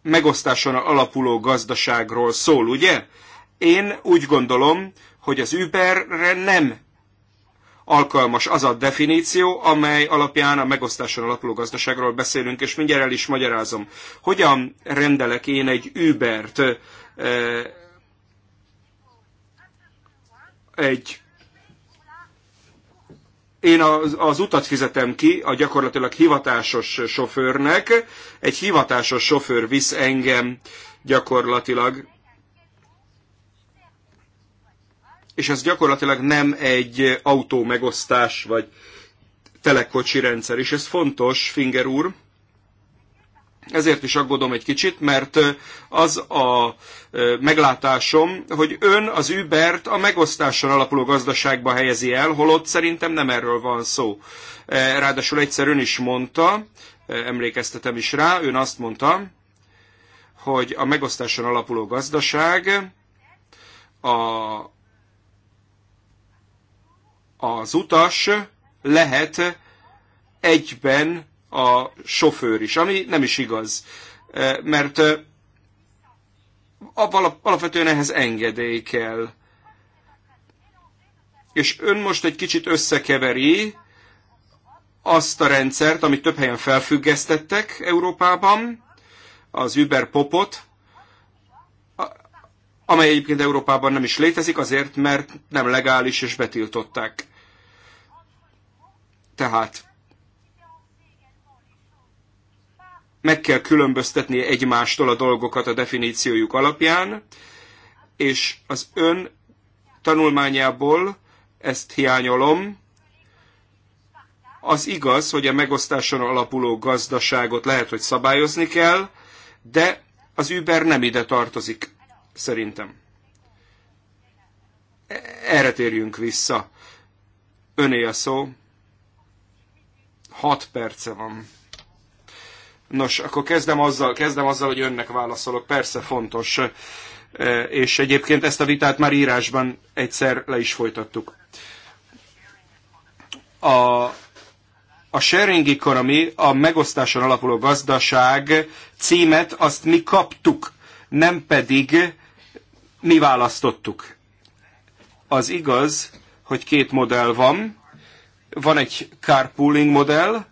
megosztáson alapuló gazdaságról szól, ugye? Én úgy gondolom, hogy az Uberre nem alkalmas az a definíció, amely alapján a megosztáson alapuló gazdaságról beszélünk, és mindjárt el is magyarázom. Hogyan rendelek én egy Ubert? Egy én az, az utat fizetem ki a gyakorlatilag hivatásos sofőrnek, egy hivatásos sofőr visz engem gyakorlatilag, és ez gyakorlatilag nem egy autó megosztás, vagy telekocsi rendszer, és ez fontos, Finger úr, ezért is aggódom egy kicsit, mert az a meglátásom, hogy ön az übert a megosztáson alapuló gazdaságba helyezi el, holott szerintem nem erről van szó. Ráadásul egyszer ön is mondta, emlékeztetem is rá, ön azt mondta, hogy a megosztáson alapuló gazdaság a, az utas lehet egyben a sofőr is, ami nem is igaz, eh, mert eh, alapvetően ehhez engedély kell. És ön most egy kicsit összekeveri azt a rendszert, amit több helyen felfüggesztettek Európában, az Uber Popot, amely egyébként Európában nem is létezik, azért, mert nem legális és betiltották. Tehát meg kell különböztetni egymástól a dolgokat a definíciójuk alapján, és az ön tanulmányából ezt hiányolom, az igaz, hogy a megosztáson alapuló gazdaságot lehet, hogy szabályozni kell, de az Uber nem ide tartozik, szerintem. Erre térjünk vissza. Öné a szó. Hat perce van. Nos, akkor kezdem azzal, kezdem azzal, hogy önnek válaszolok. Persze fontos, e, és egyébként ezt a vitát már írásban egyszer le is folytattuk. A, a sharing economy, a megosztáson alapuló gazdaság címet azt mi kaptuk, nem pedig mi választottuk. Az igaz, hogy két modell van. Van egy carpooling modell,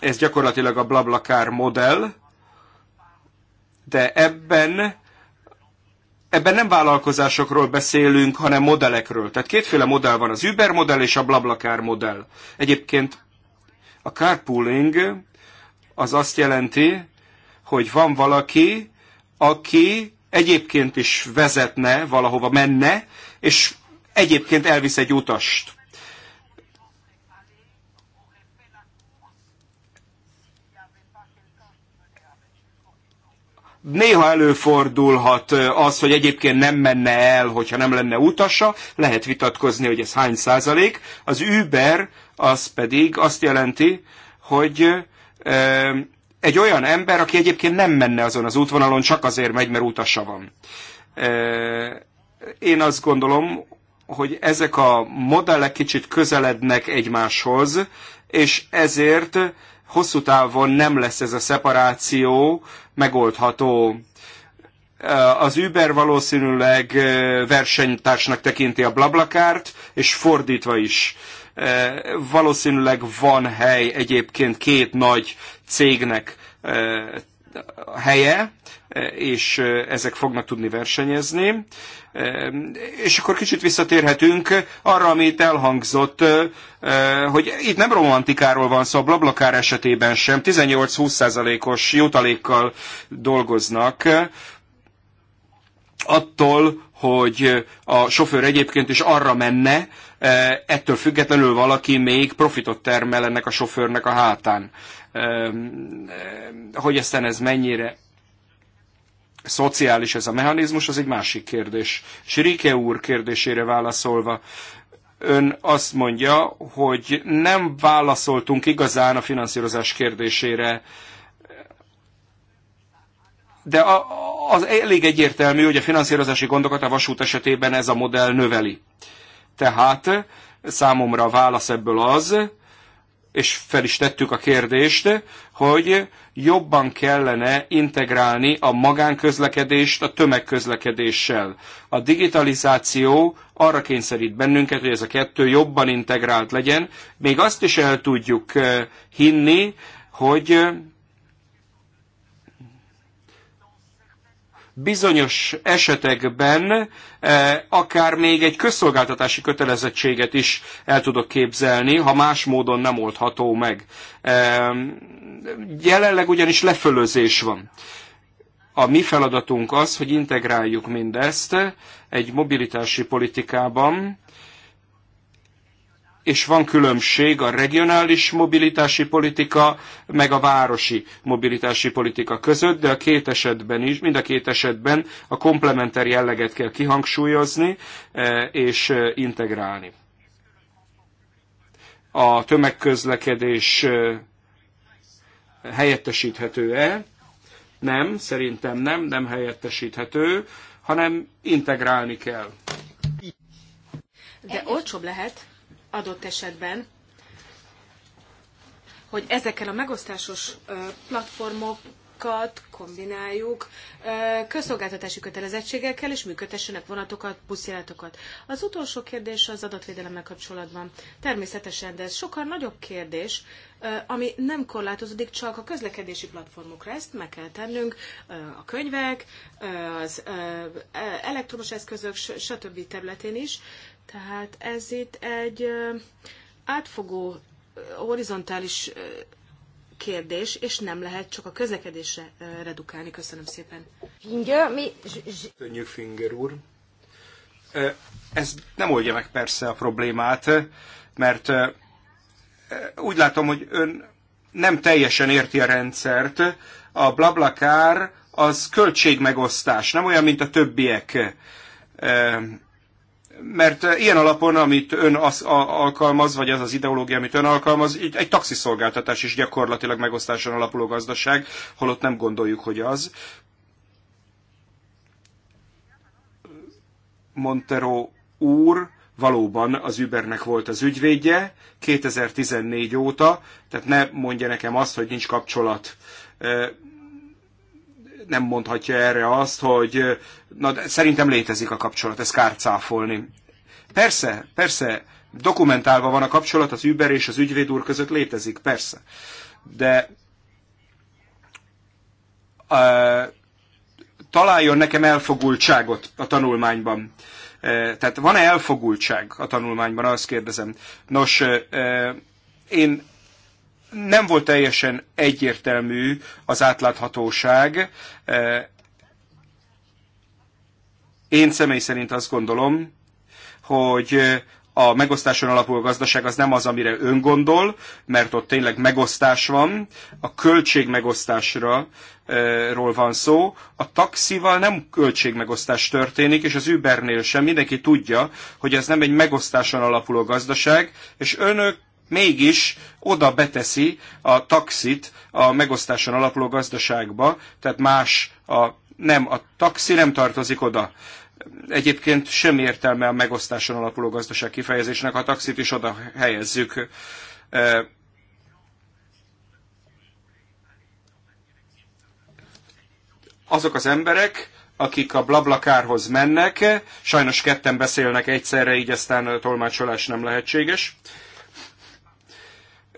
ez gyakorlatilag a Blablakár modell, de ebben ebben nem vállalkozásokról beszélünk, hanem modellekről. Tehát kétféle modell van, az Uber modell és a Blablakár modell. Egyébként a carpooling az azt jelenti, hogy van valaki, aki egyébként is vezetne, valahova menne, és egyébként elvisz egy utast. néha előfordulhat az, hogy egyébként nem menne el, hogyha nem lenne utasa, lehet vitatkozni, hogy ez hány százalék. Az Uber az pedig azt jelenti, hogy egy olyan ember, aki egyébként nem menne azon az útvonalon, csak azért megy, mert utasa van. Én azt gondolom, hogy ezek a modellek kicsit közelednek egymáshoz, és ezért hosszú távon nem lesz ez a szeparáció megoldható. Az Uber valószínűleg versenytársnak tekinti a Blablakárt, és fordítva is. Valószínűleg van hely egyébként két nagy cégnek helye, és ezek fognak tudni versenyezni. És akkor kicsit visszatérhetünk arra, amit elhangzott, hogy itt nem romantikáról van szó, a Blablakár esetében sem, 18-20%-os jutalékkal dolgoznak, attól, hogy a sofőr egyébként is arra menne, ettől függetlenül valaki még profitot termel ennek a sofőrnek a hátán. Hogy aztán ez mennyire szociális ez a mechanizmus, az egy másik kérdés. Sirike úr kérdésére válaszolva, ön azt mondja, hogy nem válaszoltunk igazán a finanszírozás kérdésére, de a, az elég egyértelmű, hogy a finanszírozási gondokat a vasút esetében ez a modell növeli. Tehát számomra a válasz ebből az, és fel is tettük a kérdést, hogy jobban kellene integrálni a magánközlekedést a tömegközlekedéssel. A digitalizáció arra kényszerít bennünket, hogy ez a kettő jobban integrált legyen. Még azt is el tudjuk eh, hinni, hogy bizonyos esetekben eh, akár még egy közszolgáltatási kötelezettséget is el tudok képzelni, ha más módon nem oldható meg. Eh, jelenleg ugyanis lefölözés van. A mi feladatunk az, hogy integráljuk mindezt egy mobilitási politikában, és van különbség a regionális mobilitási politika, meg a városi mobilitási politika között, de a két esetben is, mind a két esetben a komplementer jelleget kell kihangsúlyozni e, és e, integrálni. A tömegközlekedés e, helyettesíthető-e? Nem, szerintem nem, nem helyettesíthető, hanem integrálni kell. De olcsóbb lehet adott esetben, hogy ezekkel a megosztásos platformokat kombináljuk közszolgáltatási kötelezettségekkel, és működtessenek vonatokat, buszjáratokat. Az utolsó kérdés az adatvédelemmel kapcsolatban. Természetesen, de ez sokkal nagyobb kérdés, ami nem korlátozódik csak a közlekedési platformokra. Ezt meg kell tennünk, a könyvek, az e-, elektromos eszközök, stb. területén is, tehát ez itt egy átfogó, horizontális kérdés, és nem lehet csak a közlekedésre redukálni. Köszönöm szépen. Finger, mi... Köszönjük, Finger úr. Ez nem oldja meg persze a problémát, mert úgy látom, hogy ön nem teljesen érti a rendszert. A blablakár az költségmegosztás, nem olyan, mint a többiek mert eh, ilyen alapon, amit ön az, a, alkalmaz, vagy az az ideológia, amit ön alkalmaz, egy, egy taxiszolgáltatás is gyakorlatilag megosztáson alapuló gazdaság, holott nem gondoljuk, hogy az. Montero úr valóban az Ubernek volt az ügyvédje 2014 óta, tehát ne mondja nekem azt, hogy nincs kapcsolat eh, nem mondhatja erre azt, hogy na, de szerintem létezik a kapcsolat, ez kár cáfolni. Persze, persze, dokumentálva van a kapcsolat, az Uber és az ügyvéd úr között létezik, persze. De uh, találjon nekem elfogultságot a tanulmányban. Uh, tehát van-e elfogultság a tanulmányban, azt kérdezem. Nos, uh, én nem volt teljesen egyértelmű az átláthatóság. E, én személy szerint azt gondolom, hogy a megosztáson alapuló gazdaság az nem az, amire ön gondol, mert ott tényleg megosztás van, a költségmegosztásra e, ról van szó. A taxival nem költségmegosztás történik, és az Ubernél sem. Mindenki tudja, hogy ez nem egy megosztáson alapuló gazdaság, és önök mégis oda beteszi a taxit a megosztáson alapuló gazdaságba, tehát más a, nem, a taxi nem tartozik oda. Egyébként sem értelme a megosztáson alapuló gazdaság kifejezésnek, ha a taxit is oda helyezzük. Azok az emberek, akik a blablakárhoz mennek, sajnos ketten beszélnek egyszerre, így aztán a tolmácsolás nem lehetséges.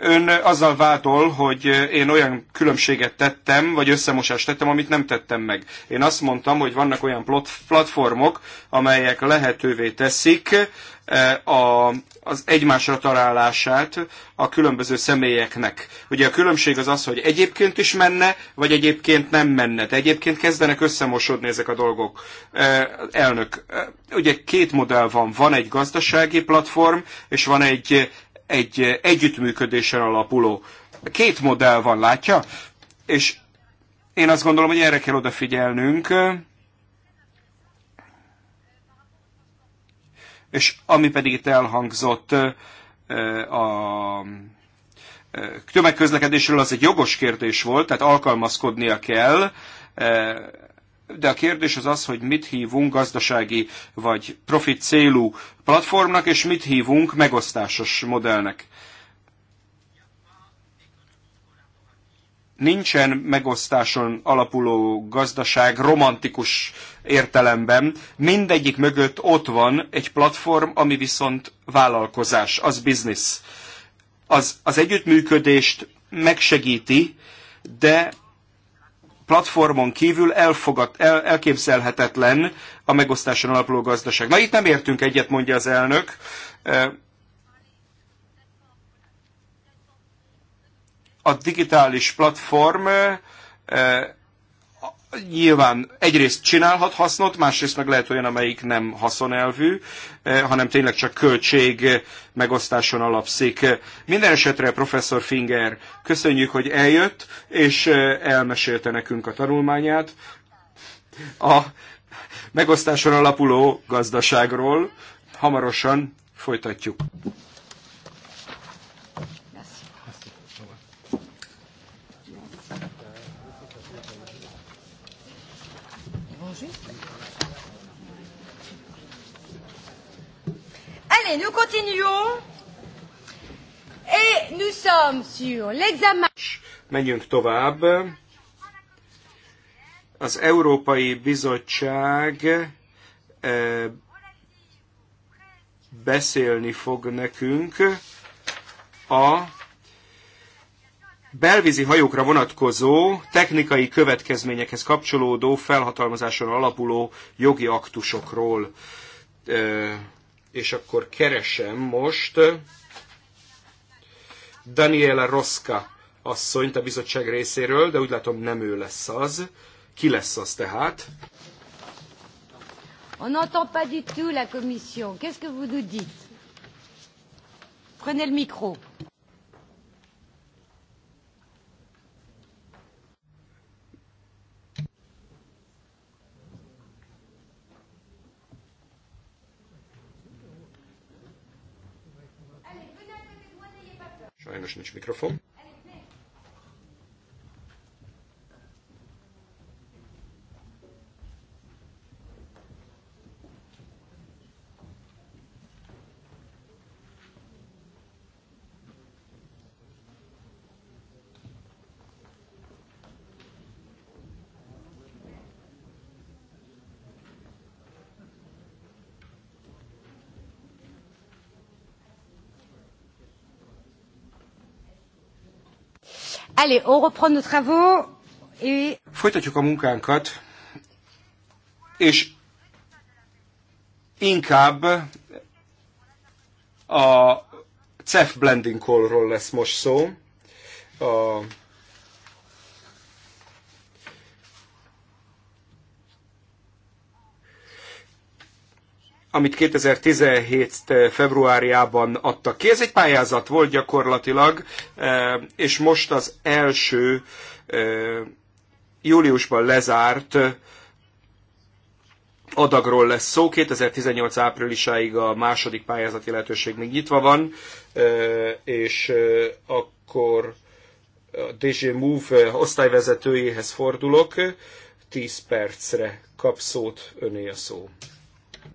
Ön azzal vádol, hogy én olyan különbséget tettem, vagy összemosást tettem, amit nem tettem meg. Én azt mondtam, hogy vannak olyan platformok, amelyek lehetővé teszik eh, a, az egymásra találását a különböző személyeknek. Ugye a különbség az az, hogy egyébként is menne, vagy egyébként nem menne. De egyébként kezdenek összemosodni ezek a dolgok. Eh, elnök, eh, ugye két modell van. Van egy gazdasági platform, és van egy egy eh, együttműködésen alapuló. Két modell van, látja? És én azt gondolom, hogy erre kell odafigyelnünk. És ami pedig itt elhangzott eh, a eh, tömegközlekedésről, az egy jogos kérdés volt, tehát alkalmazkodnia kell de a kérdés az az, hogy mit hívunk gazdasági vagy profit célú platformnak, és mit hívunk megosztásos modellnek. nincsen megosztáson alapuló gazdaság romantikus értelemben. Mindegyik mögött ott van egy platform, ami viszont vállalkozás, az biznisz. Az, az együttműködést megsegíti, de platformon kívül elfogad, el, elképzelhetetlen a megosztáson alapuló gazdaság. Na itt nem értünk egyet, mondja az elnök. E, a digitális platform e, nyilván egyrészt csinálhat hasznot, másrészt meg lehet olyan, amelyik nem haszonelvű, eh, hanem tényleg csak költség megosztáson alapszik. Minden esetre professzor Finger, köszönjük, hogy eljött, és eh, elmesélte nekünk a tanulmányát a megosztáson alapuló gazdaságról. Hamarosan folytatjuk. Allez, nous continuons. Et nous sommes sur l'examen. Menjünk tovább. Az Európai Bizottság eh, beszélni fog nekünk a belvízi hajókra vonatkozó technikai következményekhez kapcsolódó felhatalmazáson alapuló jogi aktusokról eh, és akkor keresem most Daniela Roska asszonyt a bizottság részéről, de úgy látom nem ő lesz az. Ki lesz az tehát? On n'entend pas du tout la commission. Qu'est-ce que vous nous dites? Prenez le micro. Sajnos nincs mikrofon. Allez, on reprend nos travaux et... Folytatjuk a munkánkat, és inkább a CEF blending callról lesz most szó, a amit 2017 eh, februárjában adtak ki. Ez egy pályázat volt gyakorlatilag, eh, és most az első eh, júliusban lezárt adagról lesz szó. 2018 áprilisáig a második pályázati lehetőség még nyitva van, és akkor a DG Move osztályvezetőjéhez fordulok. 10 percre kap szót, öné a szó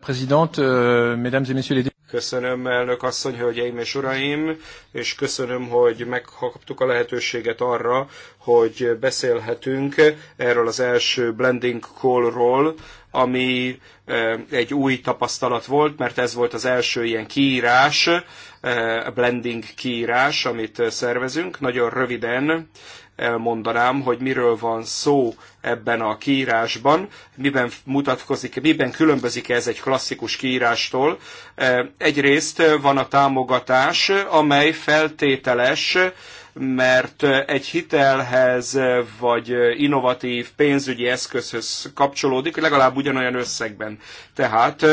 présidente, euh, mesdames et messieurs les députés. Köszönöm, elnök asszony, hölgyeim és uraim, és köszönöm, hogy megkaptuk a lehetőséget arra, hogy beszélhetünk erről az első blending callról, ami eh, egy új tapasztalat volt, mert ez volt az első ilyen kiírás, a eh, blending kiírás, amit eh, szervezünk. Nagyon röviden elmondanám, hogy miről van szó ebben a kiírásban, miben mutatkozik, miben különbözik ez egy klasszikus kiírástól. E, egyrészt van a támogatás, amely feltételes, mert egy hitelhez vagy innovatív pénzügyi eszközhöz kapcsolódik, legalább ugyanolyan összegben. Tehát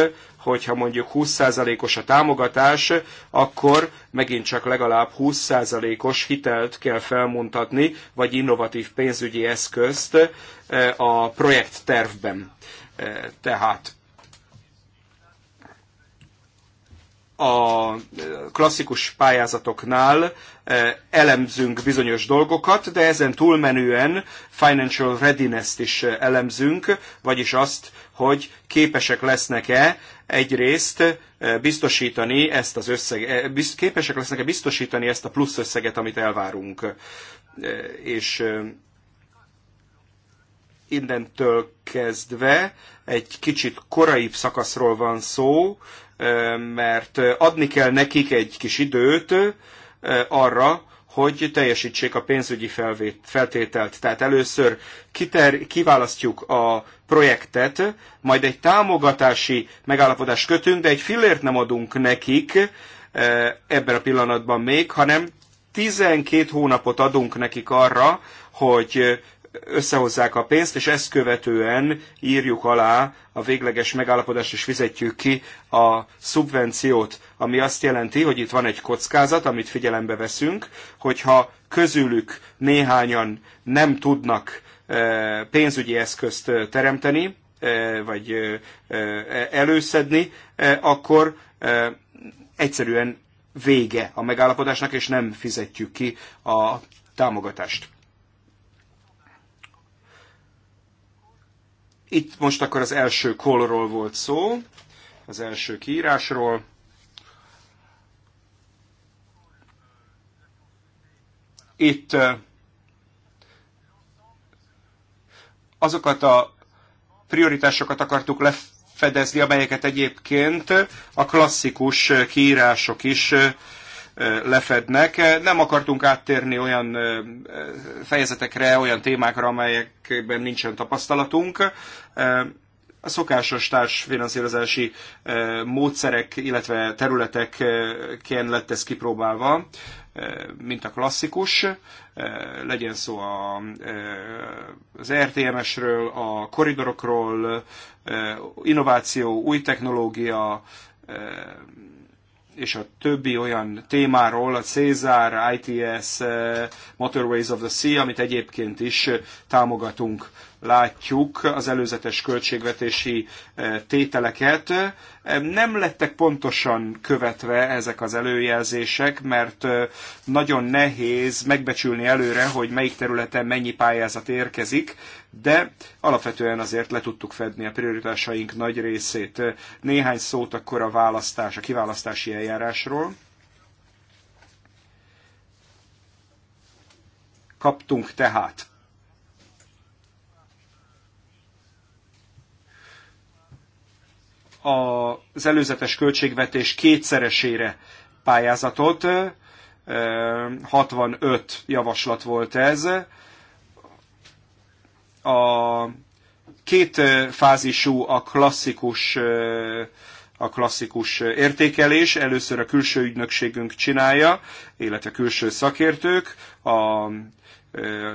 hogyha mondjuk 20%-os a támogatás, akkor megint csak legalább 20%-os hitelt kell felmutatni, vagy innovatív pénzügyi eszközt e, a projekttervben. E, tehát a klasszikus pályázatoknál e, elemzünk bizonyos dolgokat, de ezen túlmenően financial readiness-t is elemzünk, vagyis azt, hogy képesek lesznek-e egyrészt eh, biztosítani ezt az összeg, eh, képesek lesznek-e biztosítani ezt a plusz összeget, amit elvárunk. Eh, és innentől kezdve egy kicsit koraibb szakaszról van szó, mert adni kell nekik egy kis időt arra, hogy teljesítsék a pénzügyi felvét, feltételt. Tehát először kiter, kiválasztjuk a projektet, majd egy támogatási megállapodást kötünk, de egy fillért nem adunk nekik eh, ebben a pillanatban még, hanem 12 hónapot adunk nekik arra, hogy eh, összehozzák a pénzt, és ezt követően írjuk alá a végleges megállapodást, és fizetjük ki a szubvenciót, ami azt jelenti, hogy itt van egy kockázat, amit figyelembe veszünk, hogyha közülük néhányan nem tudnak pénzügyi eszközt teremteni, vagy előszedni, akkor egyszerűen vége a megállapodásnak, és nem fizetjük ki a támogatást. Itt most akkor az első kolról volt szó, az első kiírásról. Itt azokat a prioritásokat akartuk lefedezni, amelyeket egyébként a klasszikus kiírások is lefednek. Nem akartunk áttérni olyan fejezetekre, olyan témákra, amelyekben nincsen tapasztalatunk a szokásos társfinanszírozási eh, módszerek, illetve területeken eh, lett ez kipróbálva, eh, mint a klasszikus, legyen szó a, az RTMS-ről, a koridorokról, innováció, új technológia, és a többi olyan témáról, a Cézár, ITS, Motorways of the Sea, amit egyébként is támogatunk látjuk az előzetes költségvetési e, tételeket. E, nem lettek pontosan követve ezek az előjelzések, mert e, nagyon nehéz megbecsülni előre, hogy melyik területen mennyi pályázat érkezik, de alapvetően azért le tudtuk fedni a prioritásaink nagy részét. Néhány szót akkor a választás, a kiválasztási eljárásról. Kaptunk tehát az előzetes költségvetés kétszeresére pályázatot. 65 javaslat volt ez. A két fázisú a klasszikus a klasszikus értékelés. Először a külső ügynökségünk csinálja, illetve külső szakértők, a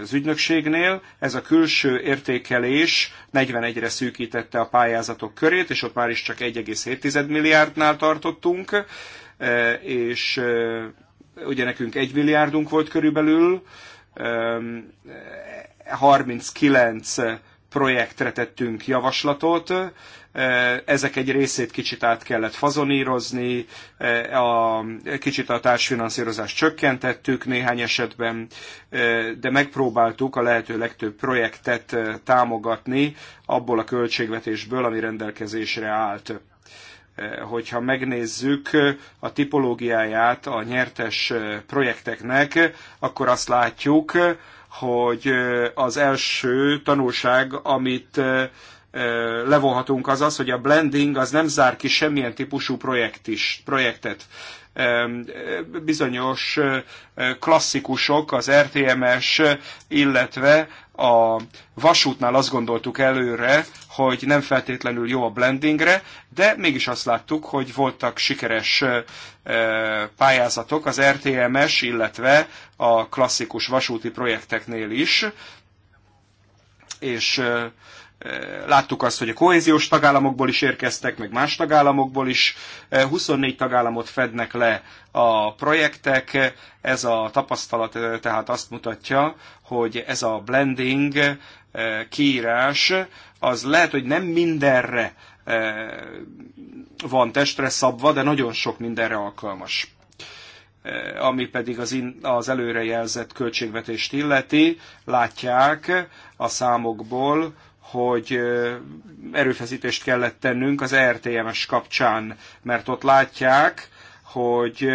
az ügynökségnél. Ez a külső értékelés 41-re szűkítette a pályázatok körét, és ott már is csak 1,7 milliárdnál tartottunk, e, és e, ugye nekünk 1 milliárdunk volt körülbelül, 39 e, projektre tettünk javaslatot. Eh, ezek egy részét kicsit át kellett fazonírozni, eh, a, kicsit a társfinanszírozást csökkentettük néhány esetben, eh, de megpróbáltuk a lehető legtöbb projektet támogatni abból a költségvetésből, ami rendelkezésre állt hogyha megnézzük a tipológiáját a nyertes projekteknek, akkor azt látjuk, hogy az első tanulság, amit levonhatunk az az, hogy a blending az nem zár ki semmilyen típusú projekt is, projektet bizonyos klasszikusok, az RTMS, illetve a vasútnál azt gondoltuk előre, hogy nem feltétlenül jó a blendingre, de mégis azt láttuk, hogy voltak sikeres pályázatok az RTMS, illetve a klasszikus vasúti projekteknél is, és Eh, láttuk azt, hogy a kohéziós tagállamokból is érkeztek, meg más tagállamokból is. 24 eh, tagállamot fednek le a projektek. Ez a tapasztalat eh, tehát azt mutatja, hogy ez a blending kiírás, az lehet, hogy nem mindenre van testre szabva, de nagyon sok mindenre alkalmas ami pedig az, in, az előrejelzett költségvetést illeti, látják a számokból, hogy erőfeszítést kellett tennünk az RTMS kapcsán, mert ott látják, hogy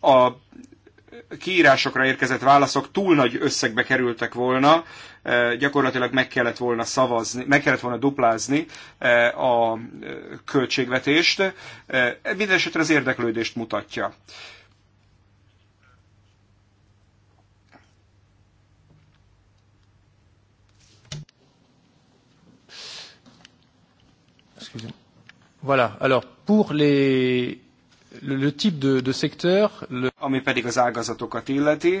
a kiírásokra érkezett válaszok túl nagy összegbe kerültek volna, gyakorlatilag meg kellett volna szavazni, meg kellett volna duplázni a költségvetést. Mindenesetre az érdeklődést mutatja. excusez-moi. Voilà. Alors, pour les, le, le type de, de secteur... Le... Ami pedig az ágazatokat illeti,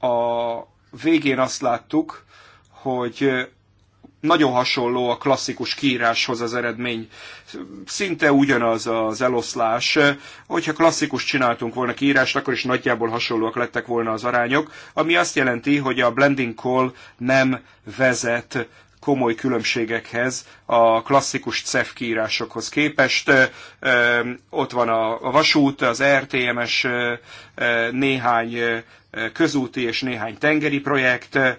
a végén azt láttuk, hogy nagyon hasonló a klasszikus kiíráshoz az eredmény. Szinte ugyanaz az eloszlás. Hogyha klasszikus csináltunk volna kiírást, akkor is nagyjából hasonlóak lettek volna az arányok, ami azt jelenti, hogy a blending call nem vezet komoly különbségekhez a klasszikus CEF kiírásokhoz képest. Ott van a vasút, az RTMS, néhány közúti és néhány tengeri projekt, eh,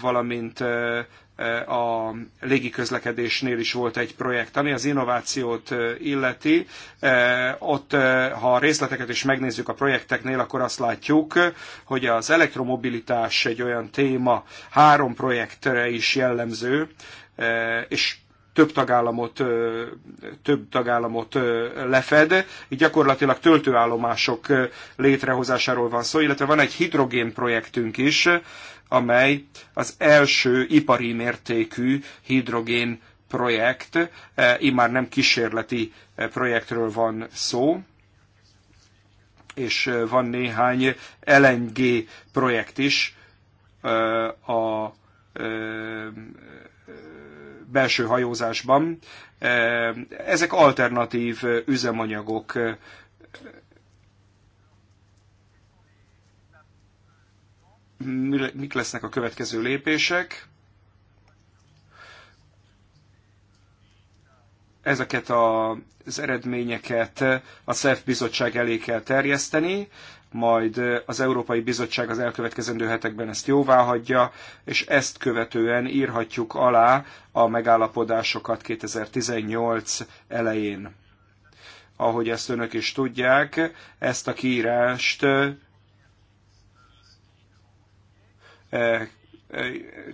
valamint eh, eh, a légiközlekedésnél is volt egy projekt, ami az innovációt illeti. Ott, ha a részleteket is megnézzük a projekteknél, akkor azt látjuk, hogy az elektromobilitás egy olyan téma, három projektre is jellemző, és több tagállamot, több tagállamot lefed. Így gyakorlatilag töltőállomások létrehozásáról van szó, illetve van egy hidrogén projektünk is, amely az első ipari mértékű hidrogén projekt, immár nem kísérleti projektről van szó, és van néhány LNG projekt is a belső hajózásban. Ezek alternatív üzemanyagok. Mik lesznek a következő lépések? ezeket az eredményeket a SZEF bizottság elé kell terjeszteni, majd az Európai Bizottság az elkövetkezendő hetekben ezt jóvá hagyja, és ezt követően írhatjuk alá a megállapodásokat 2018 elején. Ahogy ezt önök is tudják, ezt a kiírást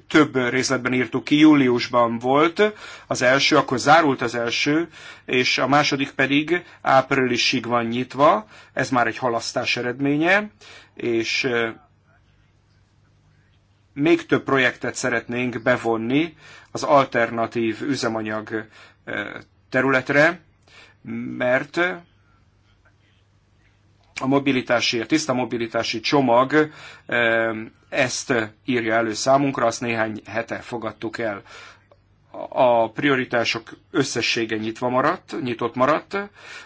több részletben írtuk ki, júliusban volt az első, akkor zárult az első, és a második pedig áprilisig van nyitva, ez már egy halasztás eredménye, és még több projektet szeretnénk bevonni az alternatív üzemanyag területre, mert a mobilitási, a tiszta mobilitási csomag eh, ezt írja elő számunkra, azt néhány hete fogadtuk el. A prioritások összessége nyitva maradt, nyitott maradt,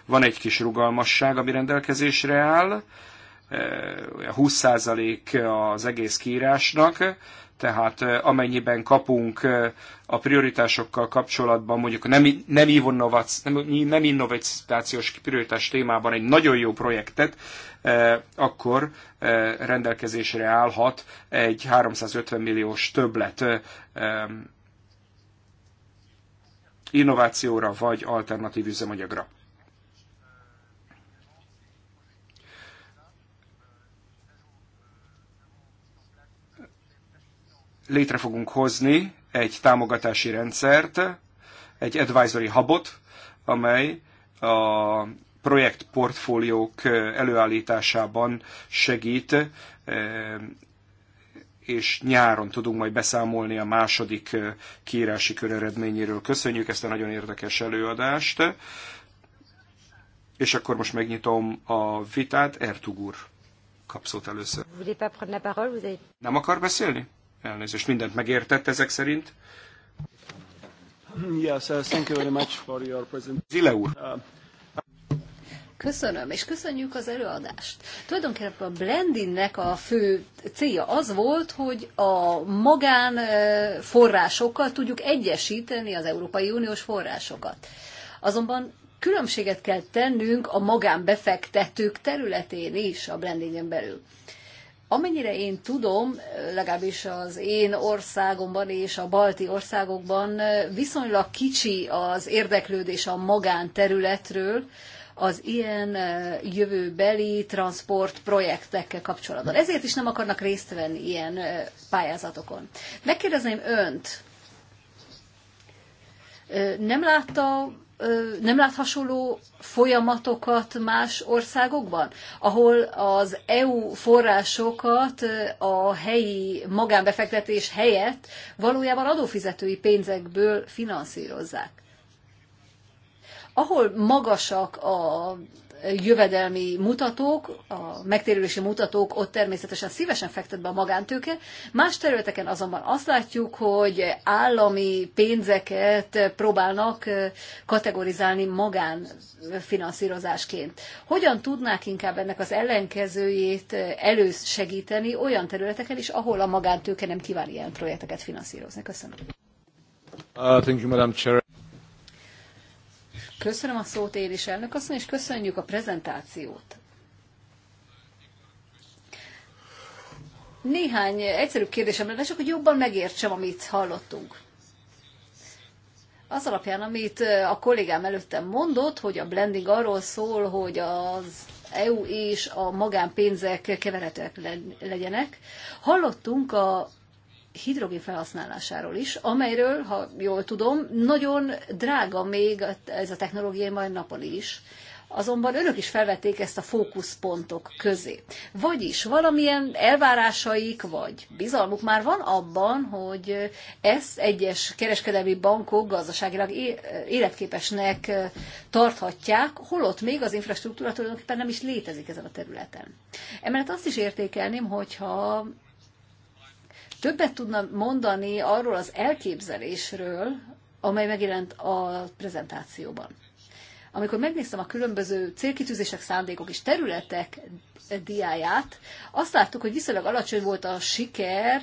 van egy kis rugalmasság, ami rendelkezésre áll, 20% eh, az egész kiírásnak, tehát amennyiben kapunk a prioritásokkal kapcsolatban, mondjuk nem, nem, innovac, nem, nem innovációs prioritás témában egy nagyon jó projektet, akkor rendelkezésre állhat egy 350 milliós többlet innovációra vagy alternatív üzemanyagra. létre fogunk hozni egy támogatási rendszert, egy advisory hubot, amely a projektportfóliók előállításában segít, és nyáron tudunk majd beszámolni a második kiírási kör eredményéről. Köszönjük ezt a nagyon érdekes előadást, és akkor most megnyitom a vitát. Ertug úr kap először. Nem akar beszélni? Elnézést, mindent megértett ezek szerint. Yes, uh, thank you very much for your presentation. Zile úr. Uh, köszönöm, és köszönjük az előadást. Tulajdonképpen a blendingnek a fő célja az volt, hogy a magán uh, forrásokkal tudjuk egyesíteni az Európai Uniós forrásokat. Azonban különbséget kell tennünk a magánbefektetők területén is a blendingen belül. Amennyire én tudom, legalábbis az én országomban és a balti országokban viszonylag kicsi az érdeklődés a magánterületről az ilyen jövőbeli transport projektekkel kapcsolatban. Ezért is nem akarnak részt venni ilyen pályázatokon. Megkérdezném önt, nem látta nem lát hasonló folyamatokat más országokban, ahol az EU forrásokat a helyi magánbefektetés helyett valójában adófizetői pénzekből finanszírozzák. Ahol magasak a jövedelmi mutatók, a megtérülési mutatók, ott természetesen szívesen fektet be a magántőke. Más területeken azonban azt látjuk, hogy állami pénzeket próbálnak kategorizálni magánfinanszírozásként. Hogyan tudnák inkább ennek az ellenkezőjét elősegíteni olyan területeken is, ahol a magántőke nem kíván ilyen projekteket finanszírozni? Köszönöm. Uh, thank you, Madam Chair. Köszönöm a szót, Élis elnök asszony, és köszönjük a prezentációt. Néhány egyszerűbb kérdésem lenne, csak hogy jobban megértsem, amit hallottunk. Az alapján, amit a kollégám előttem mondott, hogy a blending arról szól, hogy az EU és a magánpénzek keveretek legyenek. Hallottunk a hidrogén felhasználásáról is, amelyről, ha jól tudom, nagyon drága még ez a technológia majd napon is. Azonban önök is felvették ezt a fókuszpontok közé. Vagyis valamilyen elvárásaik vagy bizalmuk már van abban, hogy ezt egyes kereskedelmi bankok gazdaságilag életképesnek tarthatják, holott még az infrastruktúra tulajdonképpen nem is létezik ezen a területen. Emellett azt is értékelném, hogyha többet tudna mondani arról az elképzelésről, amely megjelent a prezentációban. Amikor megnéztem a különböző célkitűzések, szándékok és területek diáját, azt láttuk, hogy viszonylag alacsony volt a siker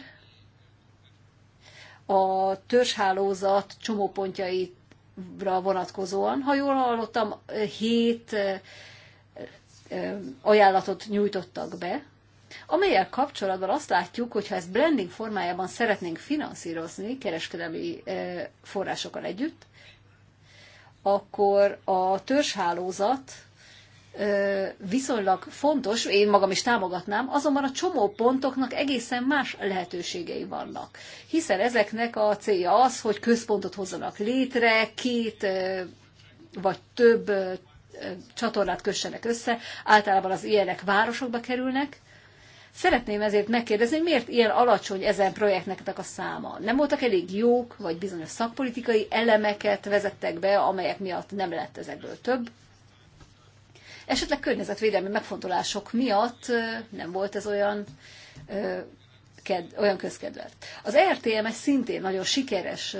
a törzshálózat csomópontjaira vonatkozóan. Ha jól hallottam, hét ajánlatot nyújtottak be, amelyel kapcsolatban azt látjuk, hogy ha ezt branding formájában szeretnénk finanszírozni kereskedelmi eh, forrásokkal együtt, akkor a törzshálózat eh, viszonylag fontos, én magam is támogatnám, azonban a csomó pontoknak egészen más lehetőségei vannak. Hiszen ezeknek a célja az, hogy központot hozzanak létre, két eh, vagy több csatornát kössenek össze, általában az ilyenek városokba kerülnek, Szeretném ezért megkérdezni, hogy miért ilyen alacsony ezen projektnek a száma? Nem voltak elég jók, vagy bizonyos szakpolitikai elemeket vezettek be, amelyek miatt nem lett ezekből több? Esetleg környezetvédelmi megfontolások miatt nem volt ez olyan ked, olyan közkedvelt. Az e RTMS szintén nagyon sikeres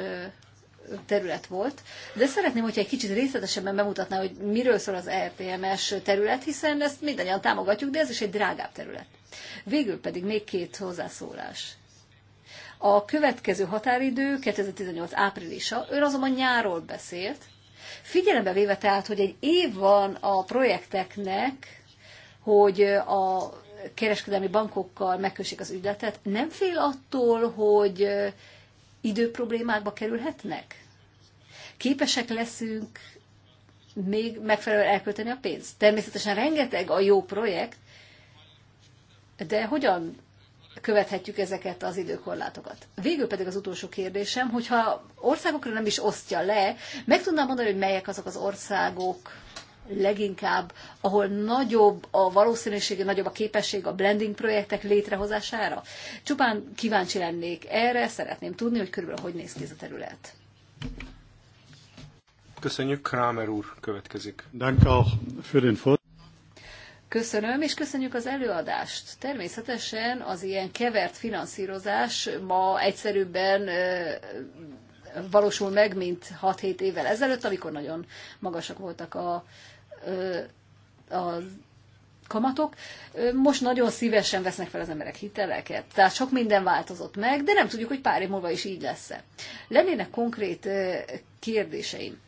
terület volt, de szeretném, hogyha egy kicsit részletesebben bemutatná, hogy miről szól az e RTMS terület, hiszen ezt mindannyian támogatjuk, de ez is egy drágább terület. Végül pedig még két hozzászólás. A következő határidő 2018 áprilisa, ő azonban nyáról beszélt, figyelembe véve tehát, hogy egy év van a projekteknek, hogy a kereskedelmi bankokkal megkössék az ügyletet, nem fél attól, hogy időproblémákba kerülhetnek? Képesek leszünk még megfelelően elkölteni a pénzt. Természetesen rengeteg a jó projekt, de hogyan követhetjük ezeket az időkorlátokat? Végül pedig az utolsó kérdésem, hogyha országokra nem is osztja le, meg tudnám mondani, hogy melyek azok az országok leginkább, ahol nagyobb a valószínűsége, nagyobb a képesség a blending projektek létrehozására? Csupán kíváncsi lennék erre, szeretném tudni, hogy körülbelül hogy néz ki ez a terület. Köszönjük, Kramer úr következik. Danke auch für den Köszönöm, és köszönjük az előadást. Természetesen az ilyen kevert finanszírozás ma egyszerűbben valósul meg, mint 6-7 évvel ezelőtt, amikor nagyon magasak voltak a, a kamatok. Most nagyon szívesen vesznek fel az emberek hiteleket, tehát sok minden változott meg, de nem tudjuk, hogy pár év múlva is így lesz-e. Lennének konkrét kérdéseim.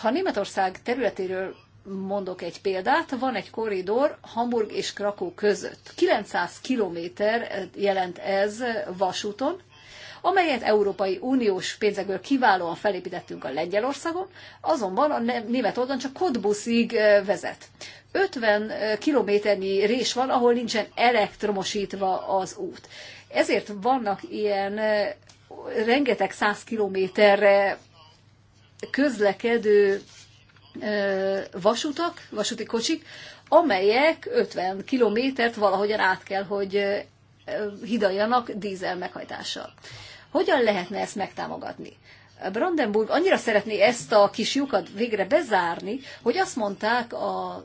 Ha Németország területéről mondok egy példát, van egy korridor Hamburg és Krakó között. 900 kilométer jelent ez vasúton, amelyet Európai Uniós pénzekből kiválóan felépítettünk a Lengyelországon, azonban a német oldalon csak Kodbuszig vezet. 50 kilométernyi rés van, ahol nincsen elektromosítva az út. Ezért vannak ilyen rengeteg száz kilométerre közlekedő vasutak, vasúti kocsik, amelyek 50 kilométert valahogyan át kell, hogy hidaljanak dízel meghajtással. Hogyan lehetne ezt megtámogatni? Brandenburg annyira szeretné ezt a kis lyukat végre bezárni, hogy azt mondták a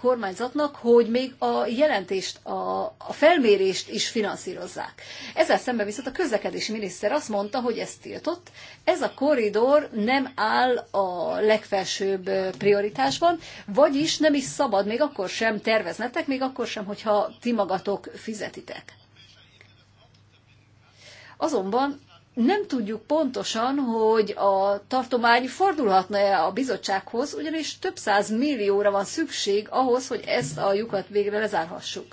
kormányzatnak, hogy még a jelentést, a, a felmérést is finanszírozzák. Ezzel szemben viszont a közlekedési miniszter azt mondta, hogy ezt tiltott. Ez a korridor nem áll a legfelsőbb prioritásban, vagyis nem is szabad még akkor sem terveznetek, még akkor sem, hogyha ti magatok fizetitek. Azonban nem tudjuk pontosan, hogy a tartomány fordulhatna-e a bizottsághoz, ugyanis több száz millióra van szükség ahhoz, hogy ezt a lyukat végre lezárhassuk.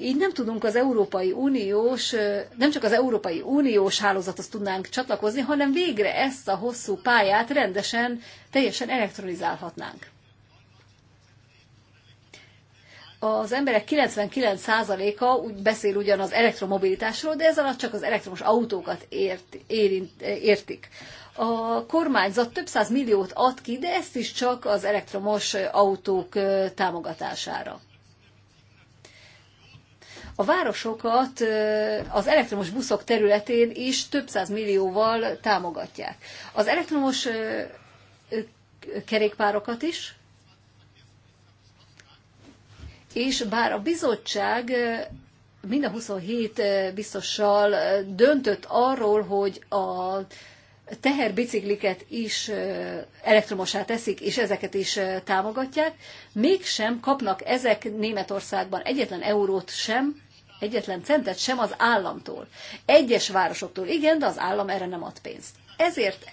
Így nem tudunk az Európai Uniós, nem csak az Európai Uniós hálózathoz tudnánk csatlakozni, hanem végre ezt a hosszú pályát rendesen, teljesen elektronizálhatnánk az emberek 99%-a úgy beszél ugyan az elektromobilitásról, de ez alatt csak az elektromos autókat ért, érint, értik. A kormányzat több száz milliót ad ki, de ezt is csak az elektromos autók támogatására. A városokat az elektromos buszok területén is több száz millióval támogatják. Az elektromos kerékpárokat is, és bár a bizottság mind a 27 biztossal döntött arról, hogy a teherbicikliket is elektromosá teszik, és ezeket is támogatják, mégsem kapnak ezek Németországban egyetlen eurót sem, egyetlen centet sem az államtól. Egyes városoktól igen, de az állam erre nem ad pénzt. Ezért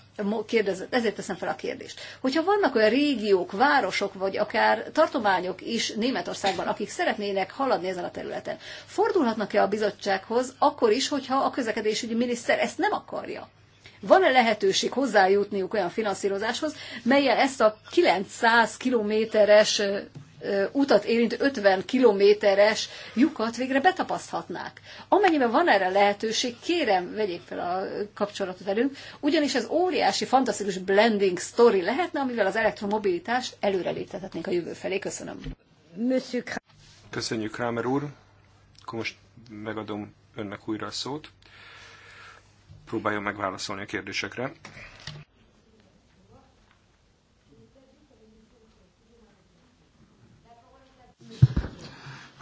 kérdezett, ezért teszem fel a kérdést. Hogyha vannak olyan régiók, városok, vagy akár tartományok is Németországban, akik szeretnének haladni ezen a területen, fordulhatnak-e a bizottsághoz akkor is, hogyha a közlekedésügyi miniszter ezt nem akarja? Van-e lehetőség hozzájutniuk olyan finanszírozáshoz, melyel ezt a 900 kilométeres utat érintő 50 kilométeres lyukat végre betapaszthatnák. Amennyiben van erre lehetőség, kérem, vegyék fel a kapcsolatot velünk, ugyanis ez óriási, fantasztikus blending story lehetne, amivel az elektromobilitást előreléptethetnénk a jövő felé. Köszönöm. Köszönjük, Kramer úr. Akkor most megadom önnek újra a szót. Próbáljon megválaszolni a kérdésekre.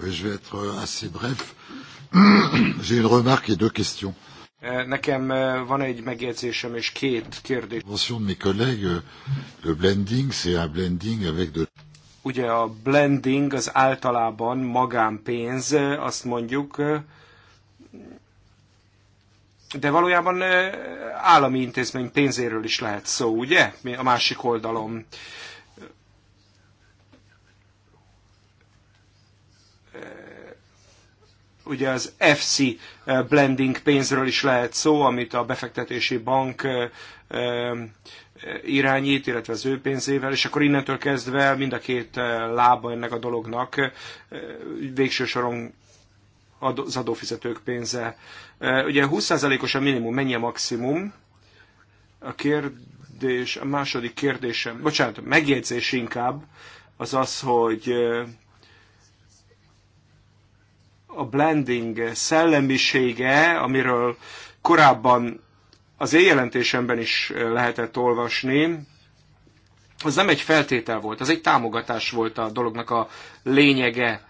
Je vais être euh, assez bref. <clears throat> J'ai une remarque et deux questions. Eh, nekem eh, van egy megjegyzésem és két kérdés. Attention de mes collègues, euh, le blending, c'est un blending avec de... Ugye a blending az általában magánpénz, eh, azt mondjuk, de valójában állami intézmény pénzéről is lehet szó, ugye? A másik oldalon. ugye az FC eh, blending pénzről is lehet szó, amit a befektetési bank eh, eh, irányít, illetve az ő pénzével, és akkor innentől kezdve mind a két lába ennek a dolognak végső soron az adófizetők pénze. Ugye 20%-os a minimum, mennyi a maximum? A kérdés, a második kérdésem, bocsánat, megjegyzés inkább, az az, hogy a blending szellemisége, amiről korábban az éjjelentésemben is lehetett olvasni, az nem egy feltétel volt, az egy támogatás volt a dolognak a lényege.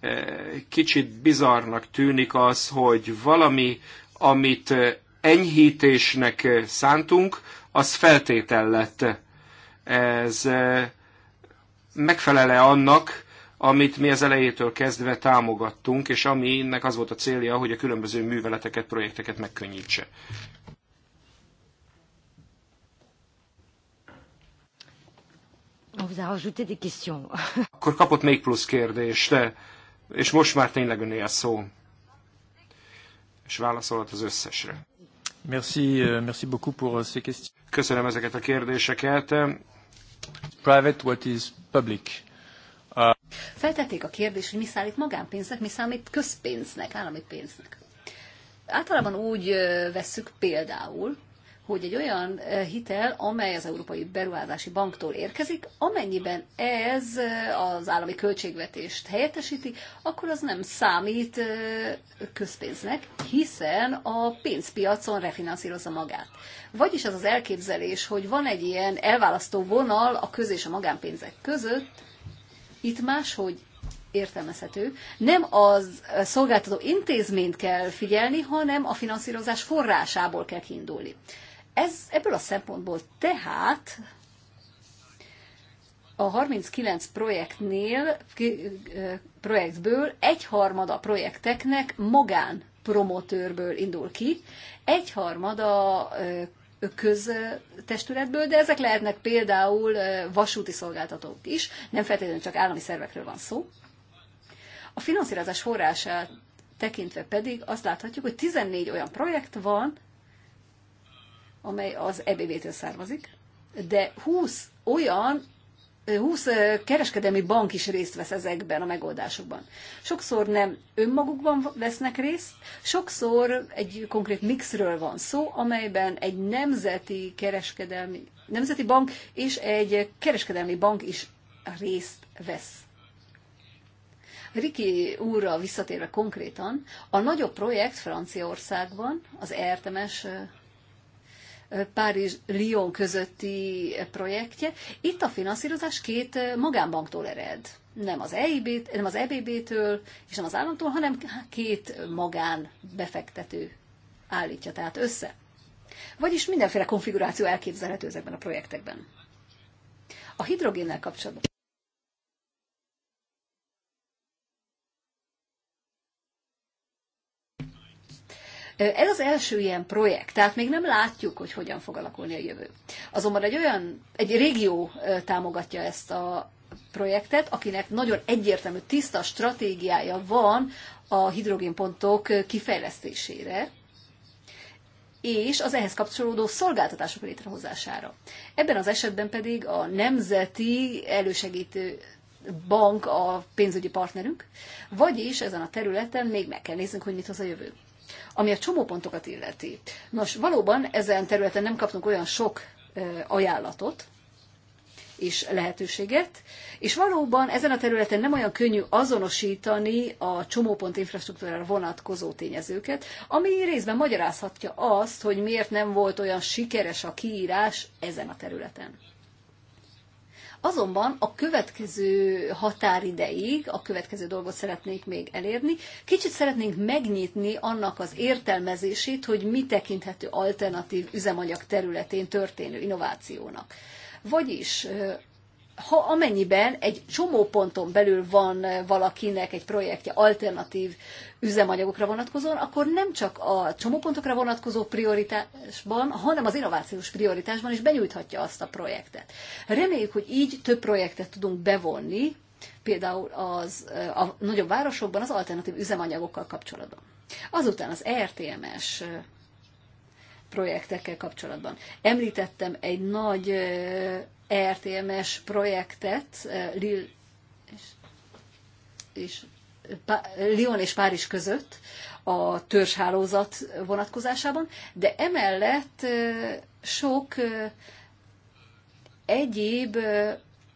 E, kicsit bizarnak tűnik az, hogy valami, amit enyhítésnek szántunk, az feltétel lett. Ez e, megfelele annak, amit mi az elejétől kezdve támogattunk, és aminek az volt a célja, hogy a különböző műveleteket, projekteket megkönnyítse. <laughs> Akkor kapott még plusz kérdést, és most már tényleg önné a szó. És válaszolhat az összesre. Merci, euh, merci beaucoup pour euh, ces questions. Köszönöm ezeket a kérdéseket. Private, what is public? Feltették a kérdést, hogy mi számít magánpénznek, mi számít közpénznek, állami pénznek. Általában úgy vesszük például, hogy egy olyan hitel, amely az Európai Beruházási Banktól érkezik, amennyiben ez az állami költségvetést helyettesíti, akkor az nem számít közpénznek, hiszen a pénzpiacon refinanszírozza magát. Vagyis az az elképzelés, hogy van egy ilyen elválasztó vonal a köz és a magánpénzek között, itt máshogy értelmezhető. Nem az szolgáltató intézményt kell figyelni, hanem a finanszírozás forrásából kell kiindulni. Ez, ebből a szempontból tehát a 39 projektnél, projektből egyharmada projekteknek magán promotőrből indul ki, egyharmada köztestületből, de ezek lehetnek például vasúti szolgáltatók is, nem feltétlenül csak állami szervekről van szó. A finanszírozás forrását tekintve pedig azt láthatjuk, hogy 14 olyan projekt van, amely az ebv től származik, de 20 olyan, 20 kereskedelmi bank is részt vesz ezekben a megoldásokban. Sokszor nem önmagukban vesznek részt, sokszor egy konkrét mixről van szó, amelyben egy nemzeti kereskedelmi, nemzeti bank és egy kereskedelmi bank is részt vesz. Riki úrra visszatérve konkrétan, a nagyobb projekt Franciaországban, az RTMS Párizs-Lyon közötti projektje. Itt a finanszírozás két magánbanktól ered. Nem az, EIB, nem az EBB-től, és nem az államtól, hanem két magán befektető állítja tehát össze. Vagyis mindenféle konfiguráció elképzelhető ezekben a projektekben. A hidrogénnel kapcsolatban. Ez az első ilyen projekt, tehát még nem látjuk, hogy hogyan fog alakulni a jövő. Azonban egy olyan, egy régió támogatja ezt a projektet, akinek nagyon egyértelmű, tiszta stratégiája van a hidrogénpontok kifejlesztésére, és az ehhez kapcsolódó szolgáltatások létrehozására. Ebben az esetben pedig a Nemzeti Elősegítő Bank a pénzügyi partnerünk, vagyis ezen a területen még meg kell néznünk, hogy mit hoz a jövő. Ami a csomópontokat illeti. Nos, valóban ezen területen nem kaptunk olyan sok ajánlatot, és lehetőséget, és valóban ezen a területen nem olyan könnyű azonosítani a csomópont infrastruktúrára vonatkozó tényezőket, ami részben magyarázhatja azt, hogy miért nem volt olyan sikeres a kiírás ezen a területen. Azonban a következő határideig, a következő dolgot szeretnék még elérni, kicsit szeretnénk megnyitni annak az értelmezését, hogy mi tekinthető alternatív üzemanyag területén történő innovációnak. Vagyis ha amennyiben egy csomó ponton belül van eh, valakinek egy projektje alternatív üzemanyagokra vonatkozóan, akkor nem csak a csomópontokra vonatkozó prioritásban, hanem az innovációs prioritásban is benyújthatja azt a projektet. Reméljük, hogy így több projektet tudunk bevonni, például az, eh, a nagyobb városokban az alternatív üzemanyagokkal kapcsolatban. Azután az RTMS er eh, projektekkel kapcsolatban. Említettem egy nagy ERTMS projektet e, Lille és, és Lyon és Párizs között a törzshálózat vonatkozásában, de emellett e, sok e, egyéb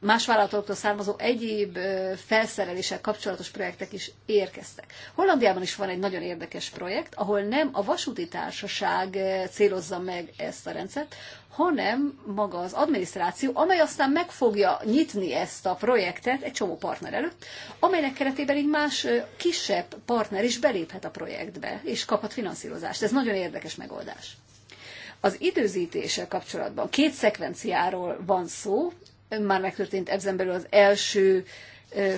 más vállalatoktól származó egyéb felszereléssel kapcsolatos projektek is érkeztek. Hollandiában is van egy nagyon érdekes projekt, ahol nem a vasúti társaság célozza meg ezt a rendszert, hanem maga az adminisztráció, amely aztán meg fogja nyitni ezt a projektet egy csomó partner előtt, amelynek keretében egy más kisebb partner is beléphet a projektbe, és kaphat finanszírozást. Ez nagyon érdekes megoldás. Az időzítéssel kapcsolatban két szekvenciáról van szó, már megtörtént ezen belül az első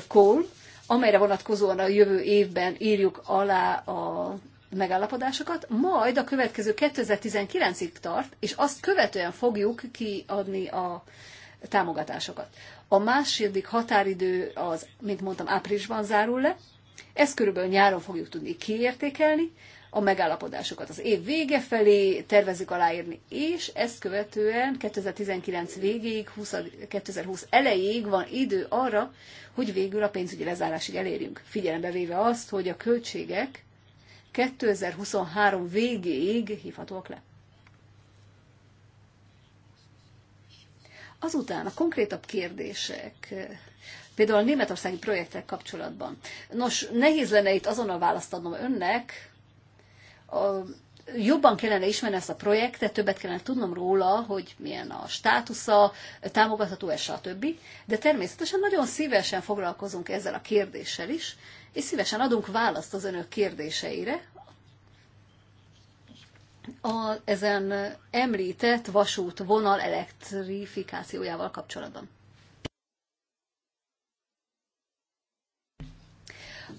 call, amelyre vonatkozóan a jövő évben írjuk alá a megállapodásokat, majd a következő 2019-ig tart, és azt követően fogjuk kiadni a támogatásokat. A második határidő az, mint mondtam, áprilisban zárul le, ezt körülbelül nyáron fogjuk tudni kiértékelni, a megállapodásokat az év vége felé tervezik aláírni, és ezt követően 2019 végéig, 20, 2020 elejéig van idő arra, hogy végül a pénzügyi lezárásig elérjünk. Figyelembe véve azt, hogy a költségek 2023 végéig hívhatóak le. Azután a konkrétabb kérdések, például a németországi projektek kapcsolatban. Nos, nehéz lenne itt azonnal választ adnom önnek, jobban kellene ismerni ezt a projektet, többet kellene tudnom róla, hogy milyen a státusza, támogatható és stb. De természetesen nagyon szívesen foglalkozunk ezzel a kérdéssel is, és szívesen adunk választ az önök kérdéseire. A, ezen említett vasút vonal elektrifikációjával kapcsolatban.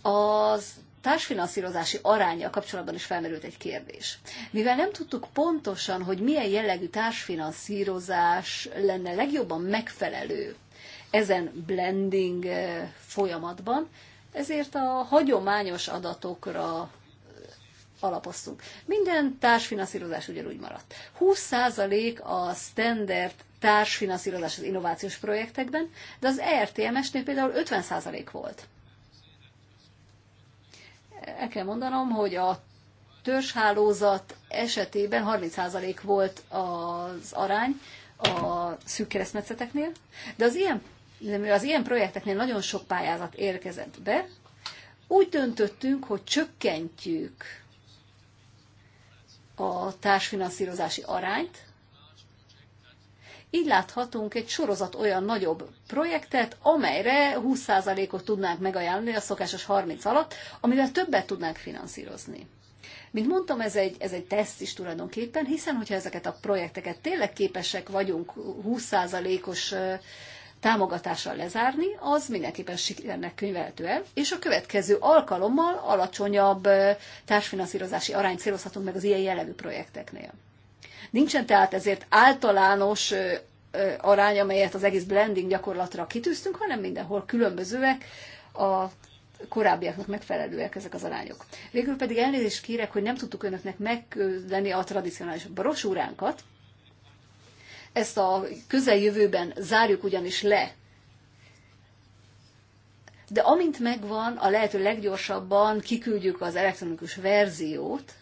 Az társfinanszírozási aránya kapcsolatban is felmerült egy kérdés. Mivel nem tudtuk pontosan, hogy milyen jellegű társfinanszírozás lenne legjobban megfelelő ezen blending eh, folyamatban, ezért a hagyományos adatokra eh, alapoztunk. Minden társfinanszírozás ugyanúgy maradt. 20% a standard társfinanszírozás az innovációs projektekben, de az rtms nél például 50% volt el kell mondanom, hogy a törzshálózat esetében 30% volt az arány a szűk keresztmetszeteknél, de az ilyen, az ilyen projekteknél nagyon sok pályázat érkezett be, úgy döntöttünk, hogy csökkentjük a társfinanszírozási arányt, így láthatunk egy sorozat olyan nagyobb projektet, amelyre 20%-ot tudnánk megajánlani a szokásos 30 alatt, amivel többet tudnánk finanszírozni. Mint mondtam, ez egy, ez egy teszt is tulajdonképpen, hiszen hogyha ezeket a projekteket tényleg képesek vagyunk 20%-os támogatással lezárni, az mindenképpen sikernek könyvelhető el, és a következő alkalommal alacsonyabb társfinanszírozási arányt célozhatunk meg az ilyen jellegű projekteknél. Nincsen tehát ezért általános arány, amelyet az egész blending gyakorlatra kitűztünk, hanem mindenhol különbözőek a korábbiaknak megfelelőek ezek az arányok. Végül pedig elnézést kérek, hogy nem tudtuk önöknek megküldeni a tradicionális brosúránkat. Ezt a közeljövőben zárjuk ugyanis le. De amint megvan, a lehető leggyorsabban kiküldjük az elektronikus verziót,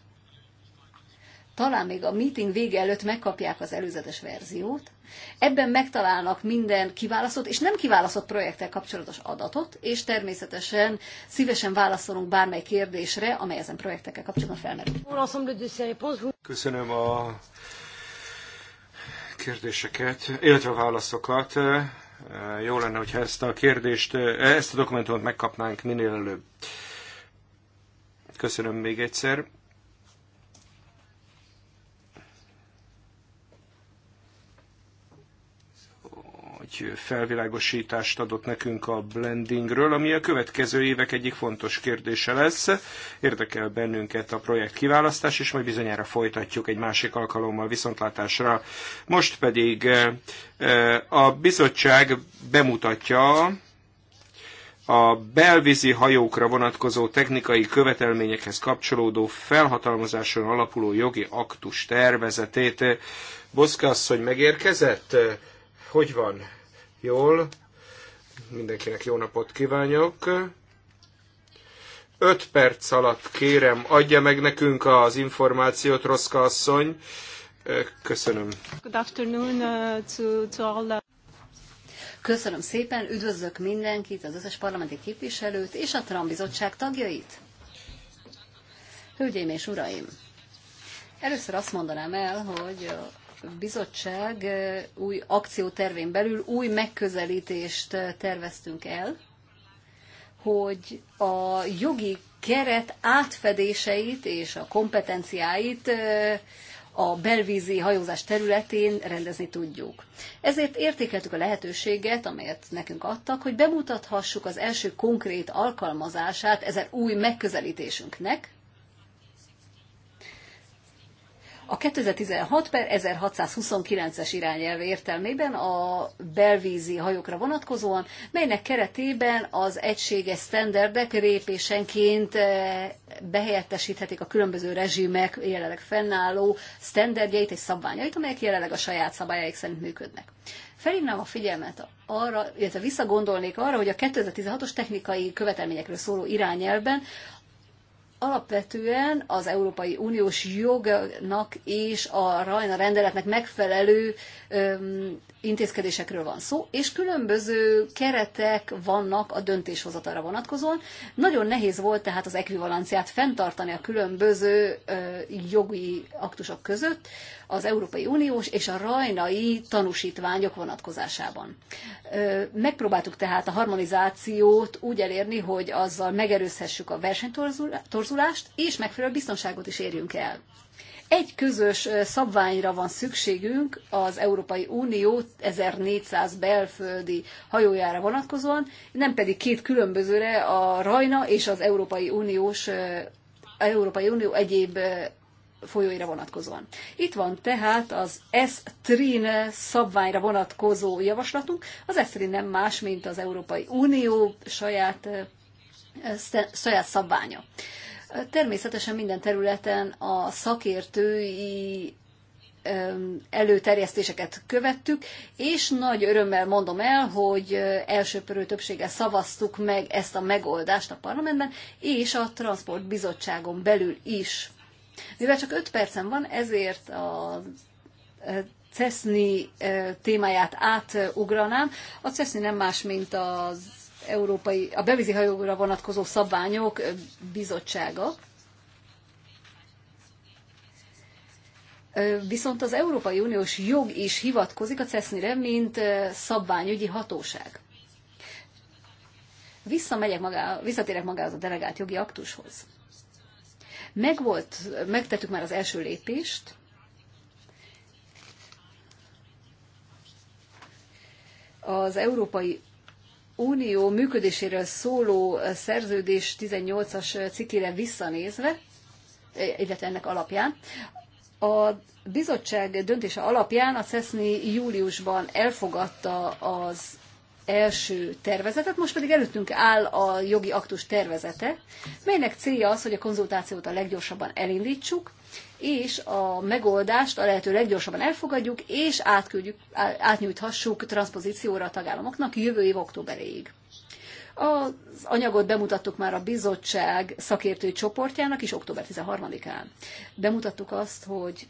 talán még a meeting vége előtt megkapják az előzetes verziót, ebben megtalálnak minden kiválasztott és nem kiválasztott projekttel kapcsolatos adatot, és természetesen szívesen válaszolunk bármely kérdésre, amely ezen projektekkel kapcsolatban felmerül. Köszönöm a kérdéseket, illetve a válaszokat. Jó lenne, hogyha ezt a kérdést, ezt a dokumentumot megkapnánk minél előbb. Köszönöm még egyszer. egy felvilágosítást adott nekünk a blendingről, ami a következő évek egyik fontos kérdése lesz. Érdekel bennünket a projekt kiválasztás, és majd bizonyára folytatjuk egy másik alkalommal viszontlátásra. Most pedig eh, a bizottság bemutatja a belvízi hajókra vonatkozó technikai követelményekhez kapcsolódó felhatalmazáson alapuló jogi aktus tervezetét. Boszka asszony megérkezett? Hogy van? jól. Mindenkinek jó napot kívánok. 5 perc alatt kérem, adja meg nekünk az információt, Roszka asszony. Köszönöm. Good afternoon uh, to, to all. Köszönöm szépen, üdvözlök mindenkit, az összes parlamenti képviselőt és a Trump bizottság tagjait. Hölgyeim és uraim! Először azt mondanám el, hogy bizottság eh, új akciótervén belül új megközelítést eh, terveztünk el, hogy a jogi keret átfedéseit és a kompetenciáit eh, a belvízi hajózás területén rendezni tudjuk. Ezért értékeltük a lehetőséget, amelyet nekünk adtak, hogy bemutathassuk az első konkrét alkalmazását ezen új megközelítésünknek, A 2016 per 1629-es irányelv értelmében a belvízi hajókra vonatkozóan, melynek keretében az egységes standardek répésenként eh, behelyettesíthetik a különböző rezsimek jelenleg fennálló standardjait és szabványait, amelyek jelenleg a saját szabályaik szerint működnek. Felhívnám a figyelmet arra, illetve visszagondolnék arra, hogy a 2016-os technikai követelményekről szóló irányelvben alapvetően az Európai Uniós jognak és a Rajna rendeletnek megfelelő öm, intézkedésekről van szó, és különböző keretek vannak a döntéshozatalra vonatkozóan. Nagyon nehéz volt tehát az ekvivalenciát fenntartani a különböző ö, jogi aktusok között az Európai Uniós és a rajnai tanúsítványok vonatkozásában. Ö, megpróbáltuk tehát a harmonizációt úgy elérni, hogy azzal megerőzhessük a versenytorzulást, megmozdulást, és megfelelő biztonságot is érjünk el. Egy közös szabványra van szükségünk az Európai Unió 1400 belföldi hajójára vonatkozóan, nem pedig két különbözőre a Rajna és az Európai, Uniós, Európai Unió egyéb folyóira vonatkozóan. Itt van tehát az S-TRIN szabványra vonatkozó javaslatunk. Az s nem más, mint az Európai Unió saját, saját szabványa. Természetesen minden területen a szakértői előterjesztéseket követtük, és nagy örömmel mondom el, hogy elsőpörő többséggel szavaztuk meg ezt a megoldást a parlamentben, és a Transport Bizottságon belül is. Mivel csak 5 percem van, ezért a CESZNI témáját átugranám. A CESZNI nem más, mint az európai, a bevízi hajóra vonatkozó szabványok bizottsága. Viszont az Európai Uniós jog is hivatkozik a CESZNI-re, mint szabványügyi hatóság. Visszamegyek magá, visszatérek magához a delegált jogi aktushoz. Megvolt, megtettük már az első lépést, az Európai Unió működéséről szóló szerződés 18-as cikkére visszanézve, illetve ennek alapján, a bizottság döntése alapján a CESZNI júliusban elfogadta az első tervezetet, most pedig előttünk áll a jogi aktus tervezete, melynek célja az, hogy a konzultációt a leggyorsabban elindítsuk, és a megoldást a lehető leggyorsabban elfogadjuk, és átküldjük, átnyújthassuk transzpozícióra a tagállamoknak jövő év októberéig. Az anyagot bemutattuk már a bizottság szakértői csoportjának is október 13-án. Bemutattuk azt, hogy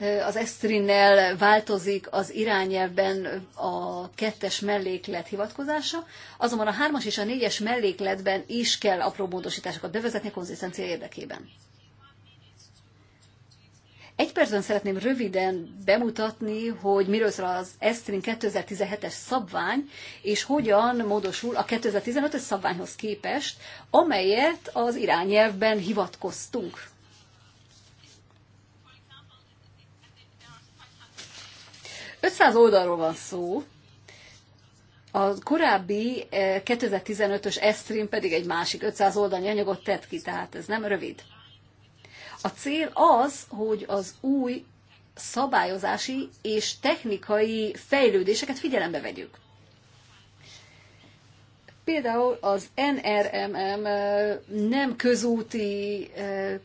az Esztrinnel változik az irányelvben a kettes melléklet hivatkozása, azonban a hármas és a négyes mellékletben is kell apró módosításokat bevezetni a konzisztencia érdekében. Egy percben szeretném röviden bemutatni, hogy miről szól az Esztrin 2017-es szabvány, és hogyan módosul a 2015 es szabványhoz képest, amelyet az irányelvben hivatkoztunk. 500 oldalról van szó, a korábbi 2015-ös eh, s pedig egy másik 500 oldalnyi anyagot tett ki, tehát ez nem rövid. A cél az, hogy az új szabályozási és technikai fejlődéseket figyelembe vegyük. Például az NRMM nem közúti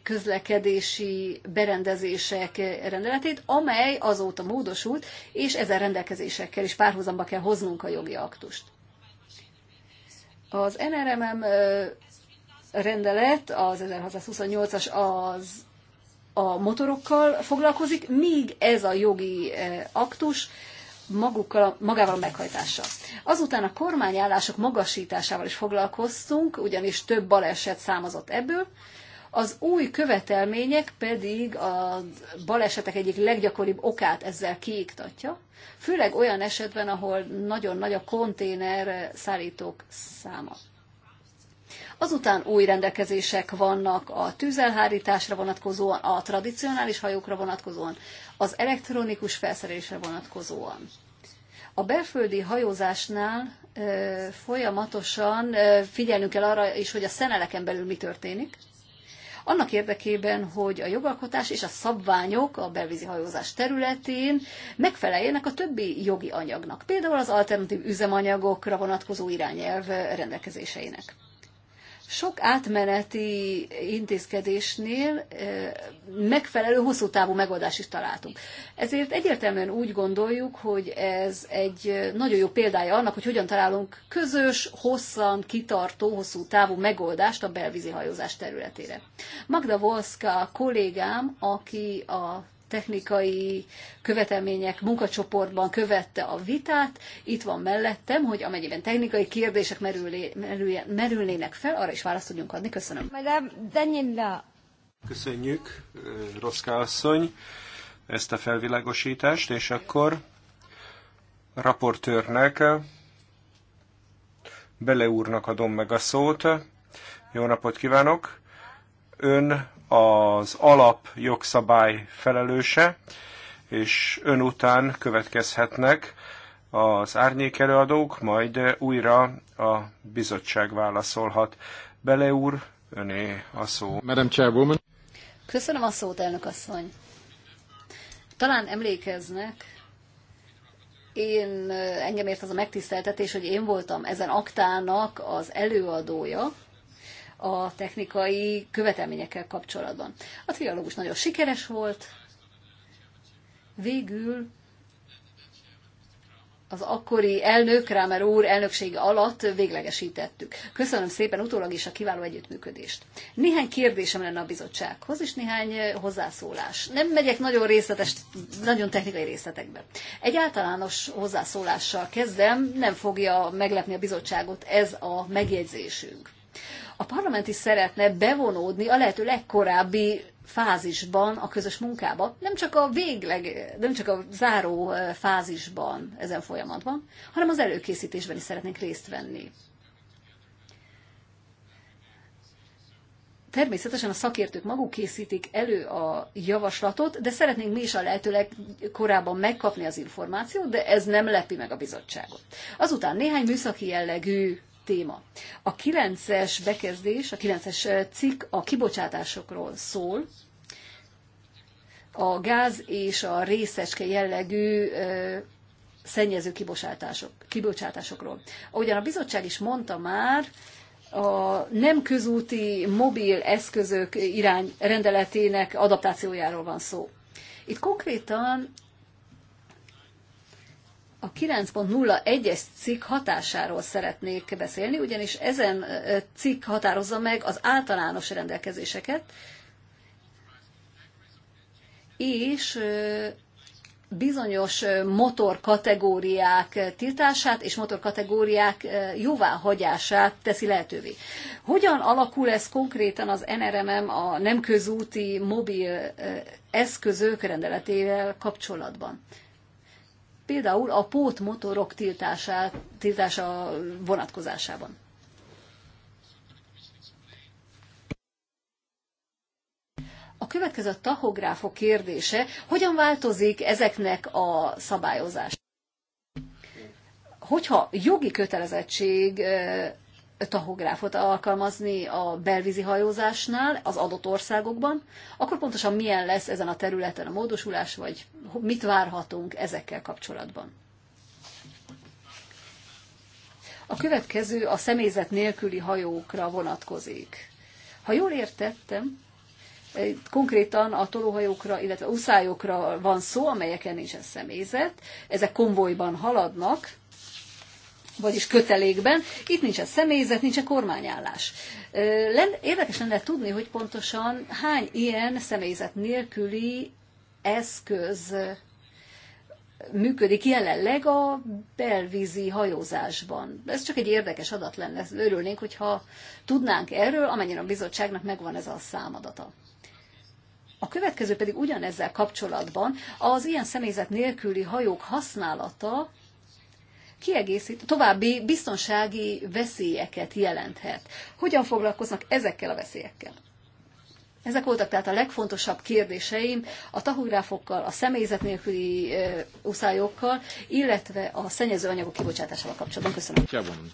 közlekedési berendezések rendeletét, amely azóta módosult, és ezen rendelkezésekkel is párhuzamba kell hoznunk a jogi aktust. Az NRMM rendelet, az 1628-as az a motorokkal foglalkozik, míg ez a jogi aktus magukkal, magával a meghajtása. Azután a kormányállások magasításával is foglalkoztunk, ugyanis több baleset számozott ebből, az új követelmények pedig a balesetek egyik leggyakoribb okát ezzel kiiktatja, főleg olyan esetben, ahol nagyon nagy a konténer szállítók száma. Azután új rendelkezések vannak a tűzelhárításra vonatkozóan, a tradicionális hajókra vonatkozóan, az elektronikus felszerelésre vonatkozóan. A belföldi hajózásnál ö, folyamatosan ö, figyelnünk kell arra is, hogy a szeneleken belül mi történik, annak érdekében, hogy a jogalkotás és a szabványok a belvízi hajózás területén megfeleljenek a többi jogi anyagnak, például az alternatív üzemanyagokra vonatkozó irányelv rendelkezéseinek sok átmeneti intézkedésnél eh, megfelelő hosszú távú megoldást is találtunk. Ezért egyértelműen úgy gondoljuk, hogy ez egy nagyon jó példája annak, hogy hogyan találunk közös, hosszan, kitartó, hosszú távú megoldást a belvízi hajózás területére. Magda Volska kollégám, aki a technikai követelmények munkacsoportban követte a vitát. Itt van mellettem, hogy amennyiben technikai kérdések merülé, merülje, merülnének fel, arra is választ tudjunk adni. Köszönöm. Köszönjük, Roszka asszony, ezt a felvilágosítást, és akkor a raportőrnek, beleúrnak adom meg a szót. Jó napot kívánok! Ön az alap jogszabály felelőse, és ön után következhetnek az árnyék előadók, majd újra a bizottság válaszolhat. Bele úr, öné a szó. Madam Chairwoman. Köszönöm a szót, elnök asszony. Talán emlékeznek, én, engem ért az a megtiszteltetés, hogy én voltam ezen aktának az előadója, a technikai követelményekkel kapcsolatban. A trialógus nagyon sikeres volt, végül az akkori elnök, Rámer úr elnöksége alatt véglegesítettük. Köszönöm szépen utólag is a kiváló együttműködést. Néhány kérdésem lenne a bizottsághoz, és néhány eh, hozzászólás. Nem megyek nagyon részletes, nagyon technikai részletekbe. Egy általános hozzászólással kezdem, nem fogja meglepni a bizottságot ez a megjegyzésünk. A parlament is szeretne bevonódni a lehető legkorábbi fázisban a közös munkába, nem csak a végleg, nem csak a záró fázisban ezen folyamatban, hanem az előkészítésben is szeretnénk részt venni. Természetesen a szakértők maguk készítik elő a javaslatot, de szeretnénk mi is a lehetőleg korábban megkapni az információt, de ez nem lepi meg a bizottságot. Azután néhány műszaki jellegű téma. A 9-es bekezdés, a 9-es eh, cikk a kibocsátásokról szól, a gáz és a részecske jellegű eh, szennyező kibocsátások, kibocsátásokról. Ahogyan a bizottság is mondta már, a nem közúti mobil eszközök irány rendeletének adaptációjáról van szó. Itt konkrétan a 9.01-es cikk hatásáról szeretnék beszélni, ugyanis ezen cikk határozza meg az általános rendelkezéseket, és bizonyos motorkategóriák tiltását és motorkategóriák jóváhagyását teszi lehetővé. Hogyan alakul ez konkrétan az NRMM a nem közúti mobil eszközök rendeletével kapcsolatban? például a pótmotorok tiltása, tiltása vonatkozásában. A következő a tahográfok kérdése, hogyan változik ezeknek a szabályozás? Hogyha jogi kötelezettség tahográfot alkalmazni a belvízi hajózásnál az adott országokban, akkor pontosan milyen lesz ezen a területen a módosulás, vagy mit várhatunk ezekkel kapcsolatban. A következő a személyzet nélküli hajókra vonatkozik. Ha jól értettem, konkrétan a tolóhajókra, illetve uszályokra van szó, amelyeken nincsen személyzet. Ezek konvojban haladnak, vagyis kötelékben. Itt nincsen személyzet, nincsen kormányállás. Érdekes lenne tudni, hogy pontosan hány ilyen személyzet nélküli eszköz működik jelenleg a belvízi hajózásban. Ez csak egy érdekes adat lenne, örülnénk, hogyha tudnánk erről, amennyire a bizottságnak megvan ez a számadata. A következő pedig ugyanezzel kapcsolatban az ilyen személyzet nélküli hajók használata kiegészít, további biztonsági veszélyeket jelenthet. Hogyan foglalkoznak ezekkel a veszélyekkel? Ezek voltak tehát a legfontosabb kérdéseim a tahográfokkal, a személyzet nélküli uszályokkal, illetve a anyagok kibocsátásával kapcsolatban. Köszönöm. Köszönöm.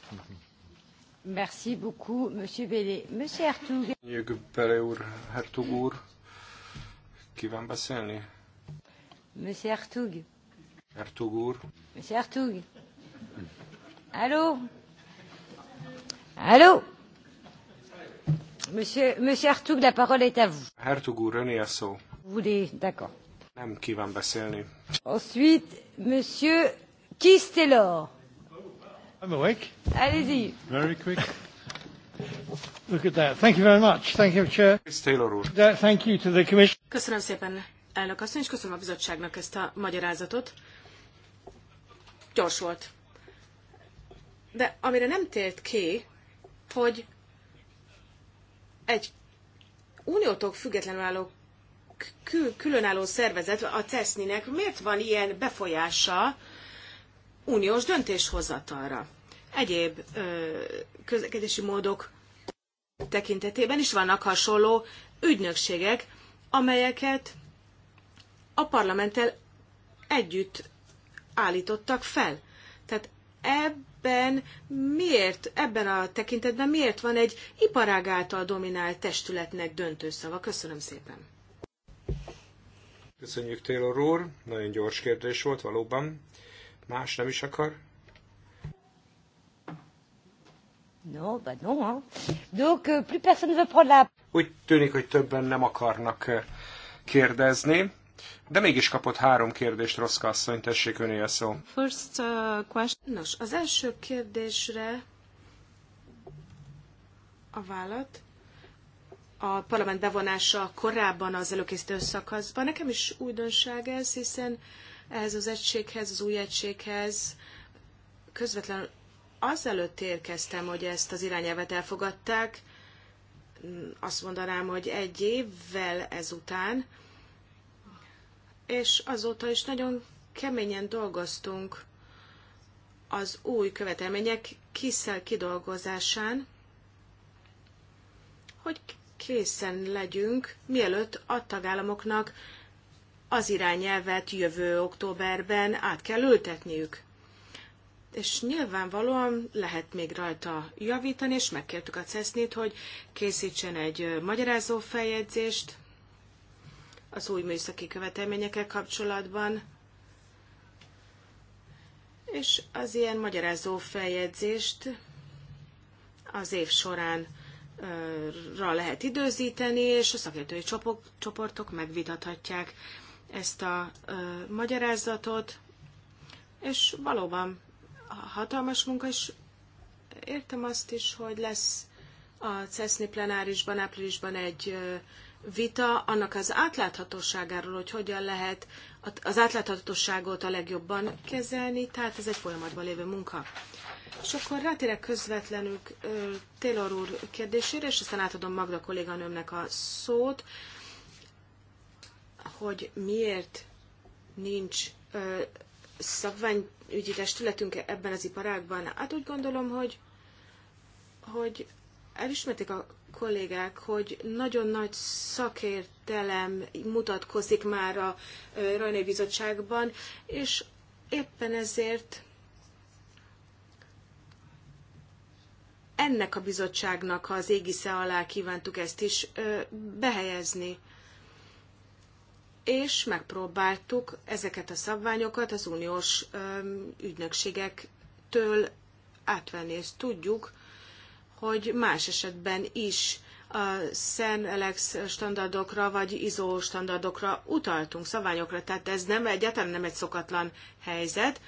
Merci beaucoup, Monsieur Bélé. Monsieur Hertug. Jögbele úr, Hertug úr, kíván beszélni? Monsieur Hertug. Hertug úr. Monsieur Hertug. Allô Allô Monsieur, Monsieur Artug, la parole est à vous. Artug, úr, öné a szó. Vous voulez, d'accord. Nem kíván beszélni. Ensuite, Monsieur Kistelor. I'm awake. Allez-y. Very quick. Look at that. Thank you very much. Thank you, Chair. Taylor úr. Uh, thank you to the Commission. Köszönöm szépen, elnök asszony, és köszönöm a bizottságnak ezt a magyarázatot. Gyors volt de amire nem tért ki, hogy egy uniótól függetlenül álló kül- különálló szervezet, a CESZNI-nek miért van ilyen befolyása uniós döntéshozatalra? Egyéb ö, közlekedési módok tekintetében is vannak hasonló ügynökségek, amelyeket a parlamenttel együtt állítottak fel. Tehát ebben miért, ebben a tekintetben miért van egy iparág által dominált testületnek döntő szava? Köszönöm szépen. Köszönjük Taylor úr, nagyon gyors kérdés volt valóban. Más nem is akar? No, bah non. Donc, euh, plus personne veut prendre la... Úgy tűnik, hogy többen nem akarnak euh, kérdezni. De mégis kapott három kérdést, rossz asszony, tessék öné a szó. First, uh, question. Nos, az első kérdésre a vállat a parlament bevonása korábban az előkészítő szakaszban. Nekem is újdonság ez, hiszen ehhez az egységhez, az új egységhez közvetlenül azelőtt érkeztem, hogy ezt az irányelvet elfogadták, azt mondanám, hogy egy évvel ezután, és azóta is nagyon keményen dolgoztunk az új követelmények kiszel kidolgozásán, hogy készen legyünk, mielőtt a tagállamoknak az irányelvet jövő októberben át kell ültetniük. És nyilvánvalóan lehet még rajta javítani, és megkértük a cesz hogy készítsen egy magyarázó feljegyzést, az új műszaki követelményekkel kapcsolatban, és az ilyen magyarázó feljegyzést az év során rá lehet időzíteni, és a szakértői csoportok megvitathatják ezt a magyarázatot, és valóban hatalmas munka, és értem azt is, hogy lesz a CESZNI plenárisban áprilisban egy vita annak az átláthatóságáról, hogy hogyan lehet az átláthatóságot a legjobban kezelni, tehát ez egy folyamatban lévő munka. És akkor rátérek közvetlenül Taylor úr kérdésére, és aztán átadom Magda kolléganőmnek a szót, hogy miért nincs ö, szabványügyi testületünk ebben az iparágban. Hát úgy gondolom, hogy, hogy elismerték a kollégák, hogy nagyon nagy szakértelem mutatkozik már a Rajnai Bizottságban, és éppen ezért ennek a bizottságnak az égisze alá kívántuk ezt is behelyezni. És megpróbáltuk ezeket a szabványokat az uniós ügynökségektől átvenni, és tudjuk, hogy más esetben is a SEN-ELEX standardokra vagy ISO standardokra utaltunk, szabályokra, tehát ez nem egyáltalán nem egy szokatlan helyzet.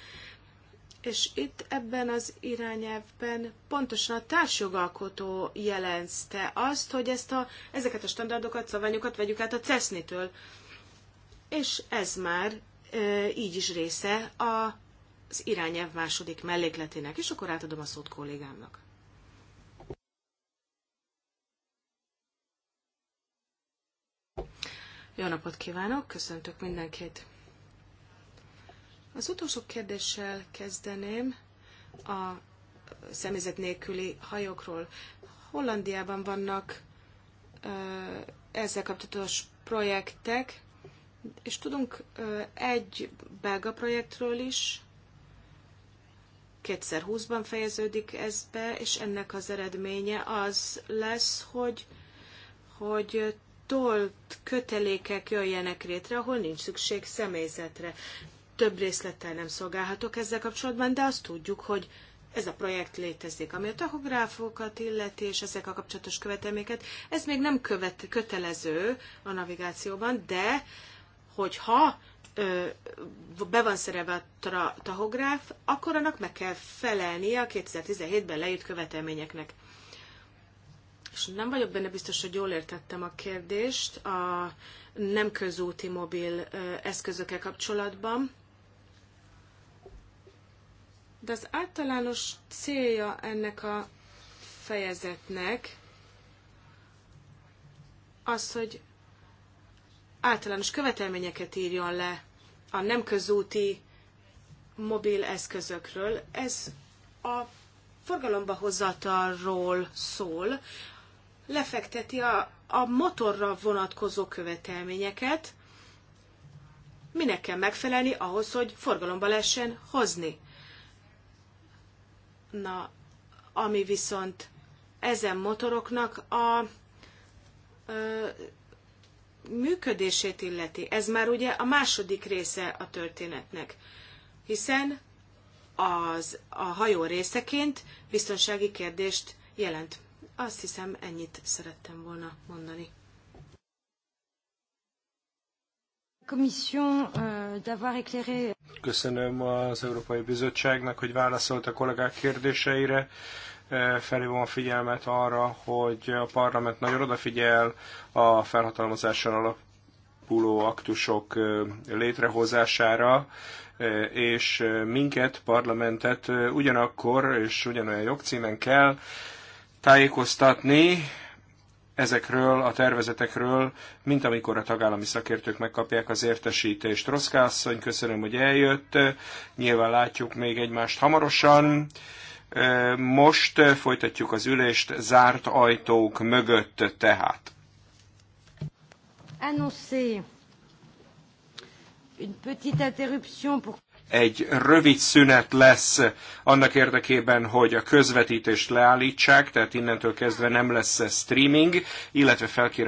És itt ebben az irányelvben pontosan a társjogalkotó jelenzte azt, hogy ezt a, ezeket a standardokat, szabványokat vegyük át a CESZNI-től. És ez már e, így is része a, az irányelv második mellékletének. És akkor átadom a szót kollégámnak. Jó napot kívánok, köszöntök mindenkit. Az utolsó kérdéssel kezdeném a személyzet nélküli hajókról. Hollandiában vannak ezzel kapcsolatos projektek, és tudunk egy belga projektről is, 2020-ban fejeződik ez be, és ennek az eredménye az lesz, hogy, hogy tolt kötelékek jöjjenek létre, ahol nincs szükség személyzetre. Több részlettel nem szolgálhatok ezzel kapcsolatban, de azt tudjuk, hogy ez a projekt létezik. Ami a tachográfokat illeti, és ezek a kapcsolatos követelméket, ez még nem követ, kötelező a navigációban, de hogyha ö, be van szerelve a tra- tahográf, akkor annak meg kell felelnie a 2017-ben leírt követelményeknek és nem vagyok benne biztos, hogy jól értettem a kérdést a nem közúti mobil eszközökkel kapcsolatban. De az általános célja ennek a fejezetnek az, hogy általános követelményeket írjon le a nem közúti mobil eszközökről. Ez a forgalomba hozatalról szól, lefekteti a, a motorra vonatkozó követelményeket, minek kell megfelelni ahhoz, hogy forgalomba lehessen hozni. Na, ami viszont ezen motoroknak a ö, működését illeti, ez már ugye a második része a történetnek, hiszen az a hajó részeként biztonsági kérdést jelent. Azt hiszem, ennyit szerettem volna mondani. Euh, Köszönöm az Európai Bizottságnak, hogy válaszolt a kollégák kérdéseire. Felhívom a figyelmet arra, hogy a parlament nagyon odafigyel a felhatalmazáson alapuló aktusok létrehozására, és minket, parlamentet ugyanakkor és ugyanolyan jogcímen kell tájékoztatni ezekről a tervezetekről, mint amikor a tagállami szakértők megkapják az értesítést. Roszka asszony, köszönöm, hogy eljött. Nyilván látjuk még egymást hamarosan. Most folytatjuk az ülést zárt ajtók mögött tehát. Annoncé une petite interruption pour egy rövid szünet lesz annak érdekében, hogy a közvetítést leállítsák, tehát innentől kezdve nem lesz streaming, illetve felkérem